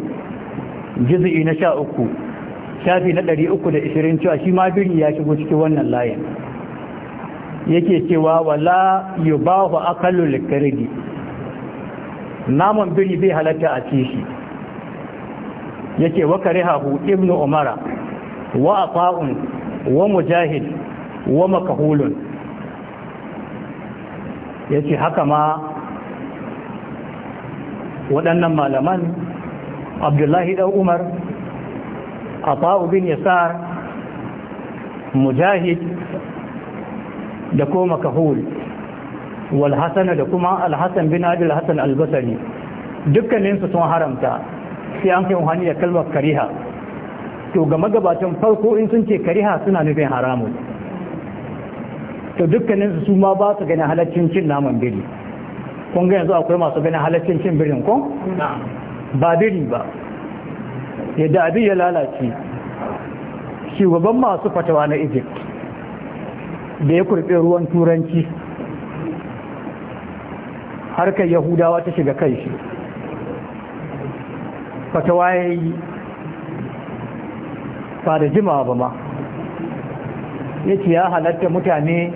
juz'i na 13 shafi na 320 cewa shi ma biri ya shigo cikin wannan layin yake cewa wala yubahu aqallu likridi naman biri bai halatta a ci yake wa karihahu ibn umara wa afa'un wa mujahid wa makahulun ya haka ma waɗannan malaman abdullahi ɗan umar a bin yasar mujahid da ko makahul walhassana da kuma alhassan bin adil hassan albasari dukkaninsu sun haramta sai an kai hannu da kalmar kariha to ga magabatan farko in sun ce kariha suna nufin haramun to dukkanin su ma ba su ganin halaccin cin naman biri kun ga yanzu akwai masu ganin halaccin cin birin ko ba biri ba yadda abin ya lalace shugaban masu fatawa na egypt da ya kurbe ruwan turanci harkar yahudawa ta shiga kai shi fatawa ya yi ba da jimawa ba ma yake ya halatta mutane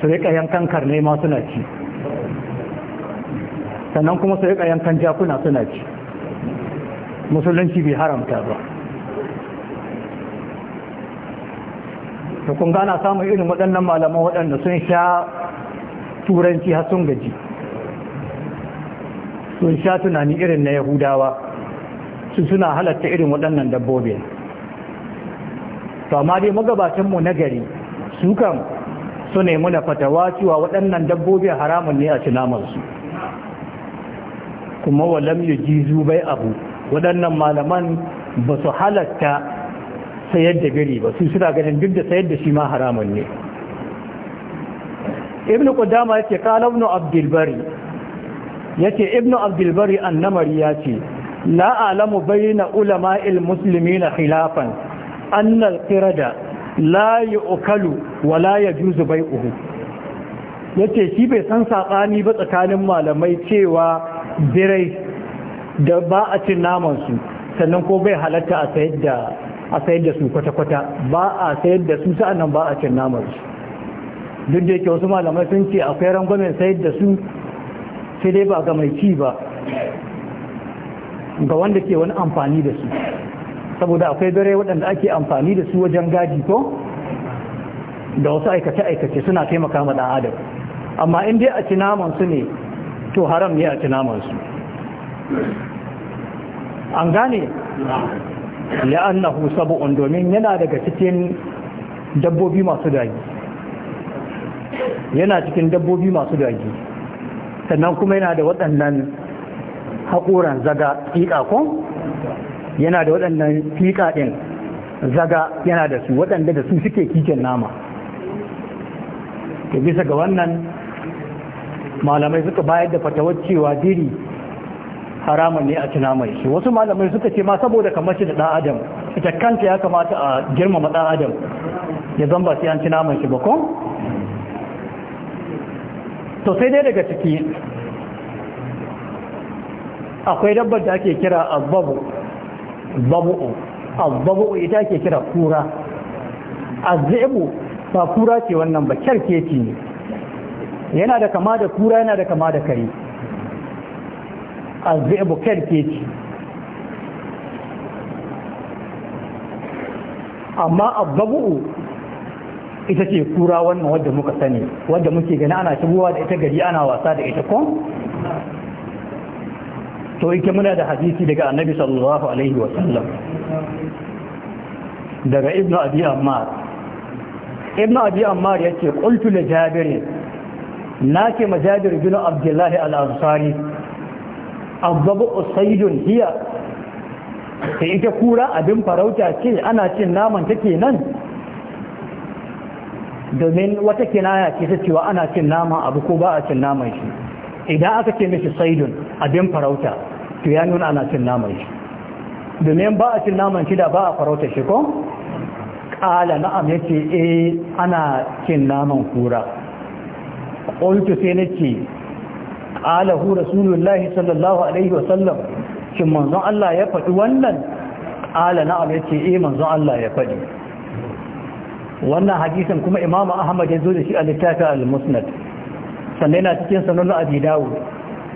su rika yankan karne ma suna ci sannan kuma su rika yankan jakuna suna ci musulunci bai haramta ba da na samun irin waɗannan malaman waɗanda sun sha turanci har sun gaji sun sha tunani irin na yahudawa su suna halatta irin waɗannan dabbobin to amma dai magabatanmu na gari su kan su ne muna fatawa cewa waɗannan dabbobin haramun ne a cinamarsu kuma walam yi jizu bai abu waɗannan malaman ba su halatta sayar da biri ba su suna ganin duk da sayar da shi ma haramun ne ibn qudama ya ce, ibn abdulbari ya ce, ibn abdulbari annamariya ya ce la alamu bayna ulama'il na khilafan annal qirada la yu'kalu wa la Uhu. Ya yace shi bai san saɓani ba tsakanin malamai cewa birai da ba a cin namansu sannan ko bai halatta a sayar da su kwata-kwata ba a sayar da su sa'annan ba a cin namansu. duk da yake wasu malamai sun ce akwai rangwamen sayar da su sai dai ba ga mai ci ba ga wanda ke wani amfani da su saboda akwai dare waɗanda ake amfani da su wajen gadi ko da wasu aikace-aikace suna taimaka ma ɗan adam amma in dai a ci naman su ne to haram ne a ci naman su an gane la'annahu sabu'un domin yana daga cikin dabbobi masu dagi yana cikin dabbobi masu dagi sannan kuma yana da waɗannan haƙoran zaga fiƙa ko yana da waɗannan fiƙa ɗin zaga yana da su waɗanda da su suke kikin nama ke bisa ga wannan malamai suka bayar da fatawar cewa diri haramun ne a ci mai shi wasu malamai suka ce ma saboda kamar shi da ɗan ita kanta ya kamata a girmama ɗan adam ya zamba sai an ci naman shi ba ko to sai dai daga ciki akwai dabbar da ake kira azbabu babu azbabu ita ake kira kura azzabu ba kura ce wannan ba kyarkeci ne yana da kama da kura yana da kama da kare azzabu kyarkeci amma azbabu ita ce kura wannan wadda muka sani wadda muke gani ana shigowa da ita gari ana wasa da ita kon to yake muna da hadisi daga annabi sallallahu alaihi wa sallam daga ibnu abi ammar ibnu abi ammar yace qultu li jabir nake ma jabir bin abdullah al-ansari azabu usayd hiya sai ita kura abin farauta ce ana cin naman take nan domin wata kinaya ce ta cewa ana cin naman abu ko ba a cin naman shi idan aka ce mishi saidun abin farauta to ya nuna ana cin naman shi domin ba a cin naman shi da ba a farauta shi ko ƙala na'am ya ce eh ana cin naman kura ƙultu sai na ce ƙala hu rasulullahi sallallahu alaihi wasallam shin manzon Allah ya faɗi wannan ƙala na'am ya ce eh manzon Allah ya faɗi wannan hadisan kuma imamu ahmad ya zo da shi a littafin al-musnad sannan yana cikin sanar abi dawud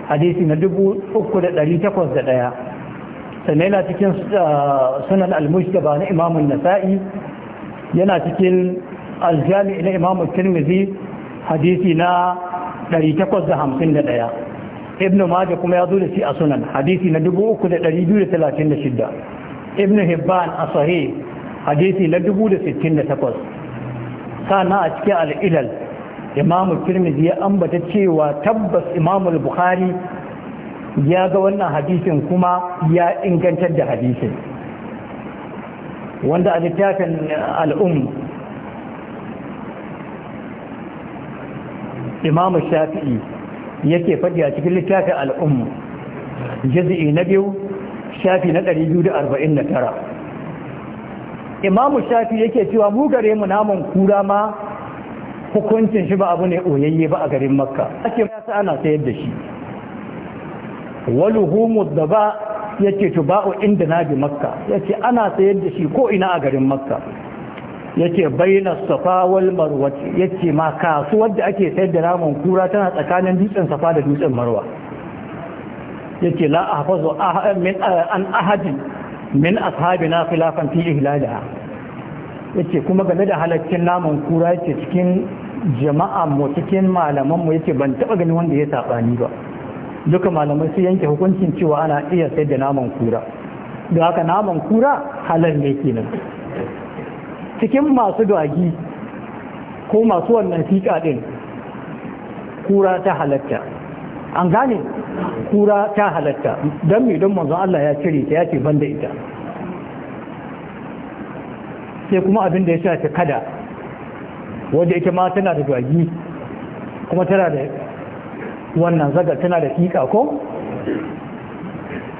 hadisi na 3801 sannan yana cikin uh, sunan al-mushtaba na imamun nasa'i yana cikin aljami na imamun Kirmizi. hadisi na 851 ibn maja kuma ya zo da shi a sunan hadisi na 3236 ibn hibban a sahih hadisi na sa na a cikin al'ilal imamu tirmidhi ya ambata cewa tabbas imamu bukhari ya ga wannan hadisin kuma ya ingantar da hadisin wanda a littafin al'um imamu shafi'i yake faɗi a cikin littafin al'um jazi'i na biyu shafi na 249 imamu shafi yake cewa mu gare mu namun kura ma hukuncin shi ba abu ne oyayye ba a garin makka ake ba sa ana sayar da shi waluhumu da ba ya ce tuba'u inda na bi makka ya ce ana sayar da shi ko ina a garin makka ya ce bayyana safa wal marwa ya ce ma kasuwar da ake sayar da naman kura tana tsakanin dutsen safa da dutsen marwa ya ce la a hafazu an ahadin min ashabina filafan fi ihlalaha yace kuma game da halakkin naman kura yace cikin jama'a mu cikin malaman mu yace ban taba gani wanda ya sabani ba duka malamai su yanke hukuncin cewa ana iya sayar da naman kura da haka naman kura halal ne kenan cikin masu dagi ko masu wannan fika ɗin kura ta halatta an gane kura ta halatta don mai don manzon Allah ya cire ta ya ce banda ita sai kuma abin da ya shafi kada Wanda ita ma tana da gwagi kuma tana da wannan zagar tana da tsika ko?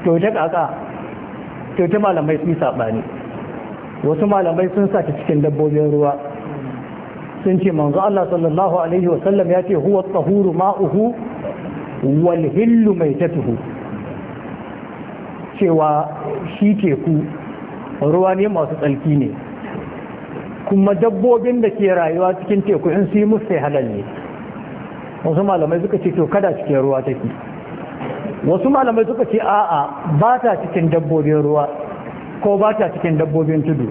to ta kaka, to ta malamai sun saɓani wasu malamai sun sa ta cikin dabbobin ruwa sun ce manzo Allah sallallahu alaihi wasallam ya ce huwa tsahuru ma'uhu wal hillu mai tatuhu cewa shi teku ruwa ne masu tsalki ne kuma dabbobin da ke rayuwa cikin teku in su yi musu halal ne wasu malamai suka ce to kada cikin ruwa take wasu malamai suka ce a'a ba ta cikin dabbobin ruwa ko ba ta cikin dabbobin tudu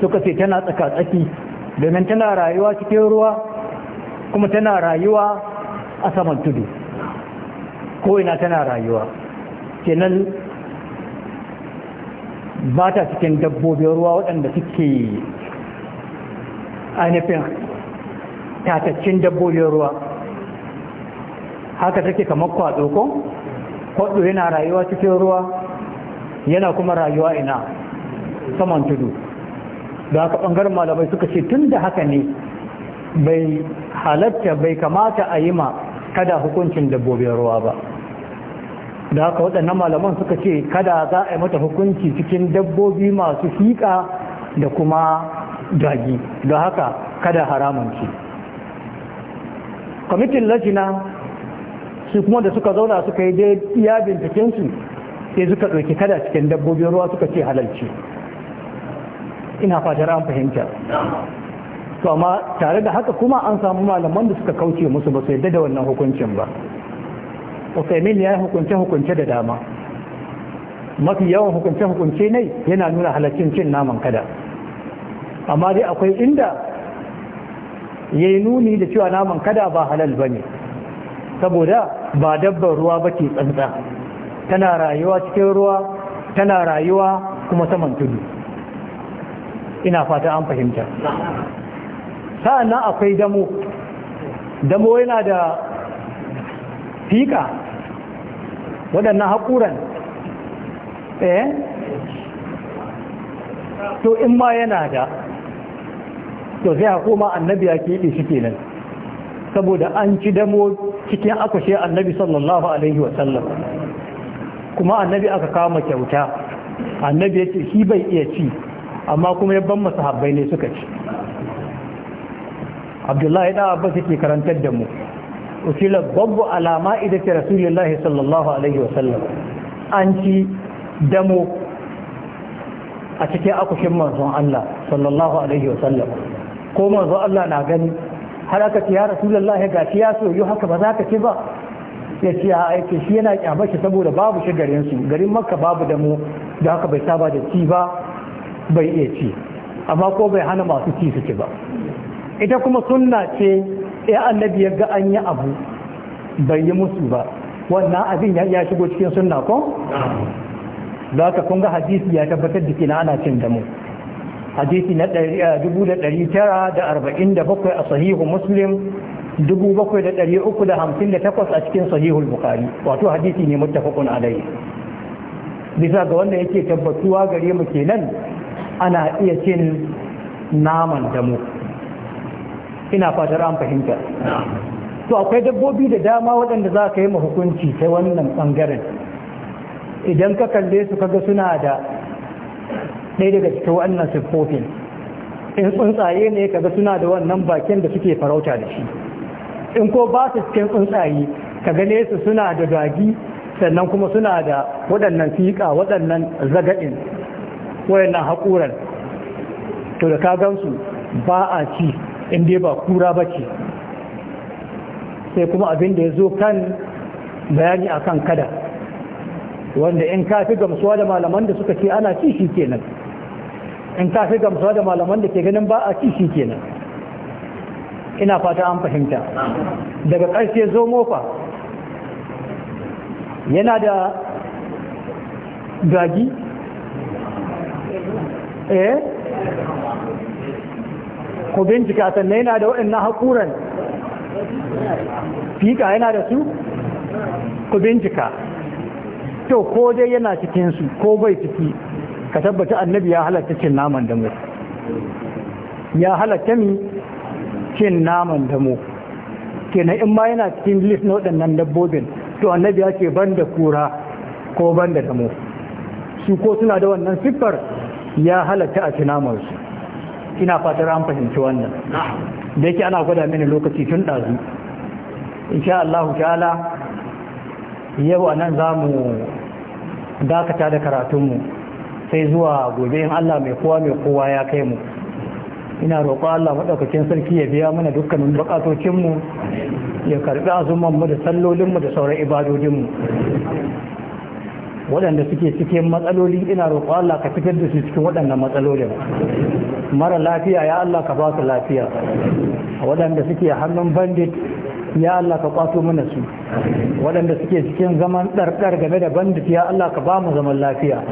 suka ce tana tsaka-tsaki domin tana rayuwa cikin ruwa kuma tana rayuwa a saman tudu ko ina tana rayuwa kenan ba ta cikin dabbobin ruwa waɗanda suke ainihin tataccin dabbobin ruwa haka take kamar kwaɗo ko kwaɗo yana rayuwa cikin ruwa yana kuma rayuwa ina saman tudu da haka ɓangaren malamai suka ce tun da haka ne bai halatta bai kamata a yi ma kada hukuncin dabbobin ruwa ba da haka waɗannan malaman suka ce kada za a yi mata hukunci cikin dabbobi masu fiƙa da kuma jagi da haka kada haramanci kwamitin lajina su kuma da suka zauna suka yi iya bincikensu sai suka ɗauki kada cikin dabbobin ruwa suka ce halalci ina fatar an fahimta to amma tare da haka kuma an samu malaman da suka kauce musu ba su yadda da wannan hukuncin ba usaimin ya hukunce hukunce da dama mafi yawan hukunce hukunce ne yana nuna halakin cin naman kada amma dai akwai inda ya yi nuni da cewa naman kada ba halal ba ne saboda ba dabbar ruwa ba ke tsantsa tana rayuwa cikin ruwa tana rayuwa kuma saman tudu ina fata an fahimta Sa'an nan akwai damo damo yana da fiƙa waɗannan haƙuran eh to in ma yana da to zai haƙoma annabi ya keɓe shi kenan saboda an ci damo cikin shi annabi sallallahu alaihi wasallam kuma annabi aka kama kyauta annabi ya ce shi bai iya ci amma kuma ya ban masu habbai ne suka ci abdullahi ɗan abbas yake karantar da mu utila babu alama ida ce rasulullahi sallallahu alaihi wasallam an ci damo a cikin akushin manzon Allah sallallahu alaihi wasallam ko manzon Allah na gani har aka ce ya rasulullahi ga ya soyu haka ba za ka ci ba ya ce a aiki shi yana kyamar shi saboda babu shi garin su garin makka babu damo da haka bai saba da ci ba bai iya ci amma ko bai hana masu ci su ci ba ita kuma sunna ce ya annabi ya ga an yi abu bai yi musu ba wannan abin ya shigo cikin sunna ko za ka kunga hadisi ya tabbatar da kina ana cin damu hadisi na 1947 eh, a sahihu muslim 7358 a cikin sahihul bukari wato hadisi ne mutafakun alai bisa ga wanda yake tabbatuwa gare mu kenan ana iya cin naman damu ina fatar an fahimta to akwai dabbobi da dama waɗanda za ka yi hukunci ta wannan ɓangaren idan ka kalle su kaga suna da ɗaya daga cikin wannan siffofin in tsuntsaye ne kaga suna da wannan bakin da suke farauta da shi in ko ba su cikin tsuntsaye ka gane su suna da dagi sannan kuma suna da waɗannan fiƙa waɗannan zagaɗin wayannan haƙuran to da ka gansu ba a ci in ba kura ba ce sai kuma abin da ya zo kan bayani a kan kada wanda in ka fi gamsuwa da malaman da suka ce ana ci shi kenan in ka fi gamsuwa da malaman da ke ganin ba a ci shi kenan ina fata an fahimta daga ƙarshe zo mofa yana da gagi eh ku bincika sannan yana da waɗannan haƙuran fiƙa yana da su ku bincika to ko dai yana cikinsu ko bai ciki ka tabbata annabi ya halatta cin naman damo ya halatta mi cin naman damo kenan in ma yana cikin list na waɗannan dabbobin to annabi ya ce ban da kura ko ban da damo su ko suna da wannan siffar ya halatta a ci su. ina fatar an fahimci wannan da yake ana gwada mini lokaci tun ɗazu insha Allah ta'ala yau a nan za mu dakata da karatunmu sai zuwa gobe in Allah mai kowa mai kowa ya kai mu ina roƙo Allah maɗaukacin sarki ya biya mana dukkanin buƙatocinmu ya karɓi azumanmu da sallolinmu da sauran ibadodinmu waɗanda suke cikin matsaloli ina roƙo Allah ka fitar da su cikin waɗannan matsalolin mara lafiya ya Allah ka ba su lafiya waɗanda suke hannun bandit ya Allah ka kwato mana su waɗanda suke cikin zaman ɗarɗar game da bandit ya Allah ka ba mu zaman lafiya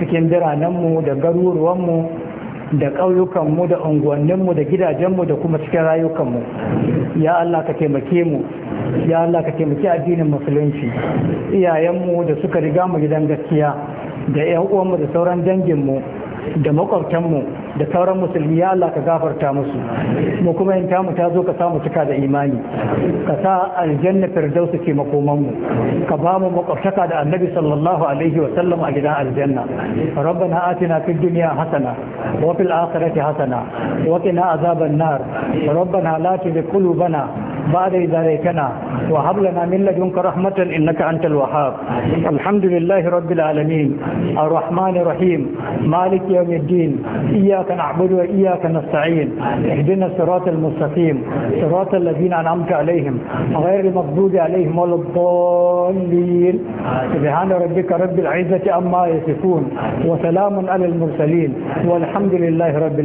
cikin biranenmu da garuruwanmu da ƙauyukanmu da unguwanninmu da gidajenmu da kuma cikin rayukanmu ya Allah ka taimake mu ya Allah ka taimaki addinin musulunci iyayenmu da suka riga mu gidan gaskiya da 'yan uwanmu da sauran danginmu da makwabtanmu da sauran musulmi ya Allah ka gafarta musu mu kuma in tamu ta zo ka samu cika da imani ka sa aljanna firdaus ke makoman mu ka ba mu makwabtaka da annabi sallallahu alaihi wa sallam a gidan aljanna rabbana atina fid dunya hasana wa fil akhirati hasana wa qina azaban nar rabbana la tuzigh qulubana بعد ذلك ليتنا وهب لنا من لدنك رحمة إنك أنت الوهاب الحمد لله رب العالمين الرحمن الرحيم مالك يوم الدين إياك نعبد وإياك نستعين اهدنا الصراط المستقيم صراط الذين أنعمت عليهم غير المغضوب عليهم ولا الضالين سبحان ربك رب العزة عما يصفون وسلام على المرسلين والحمد لله رب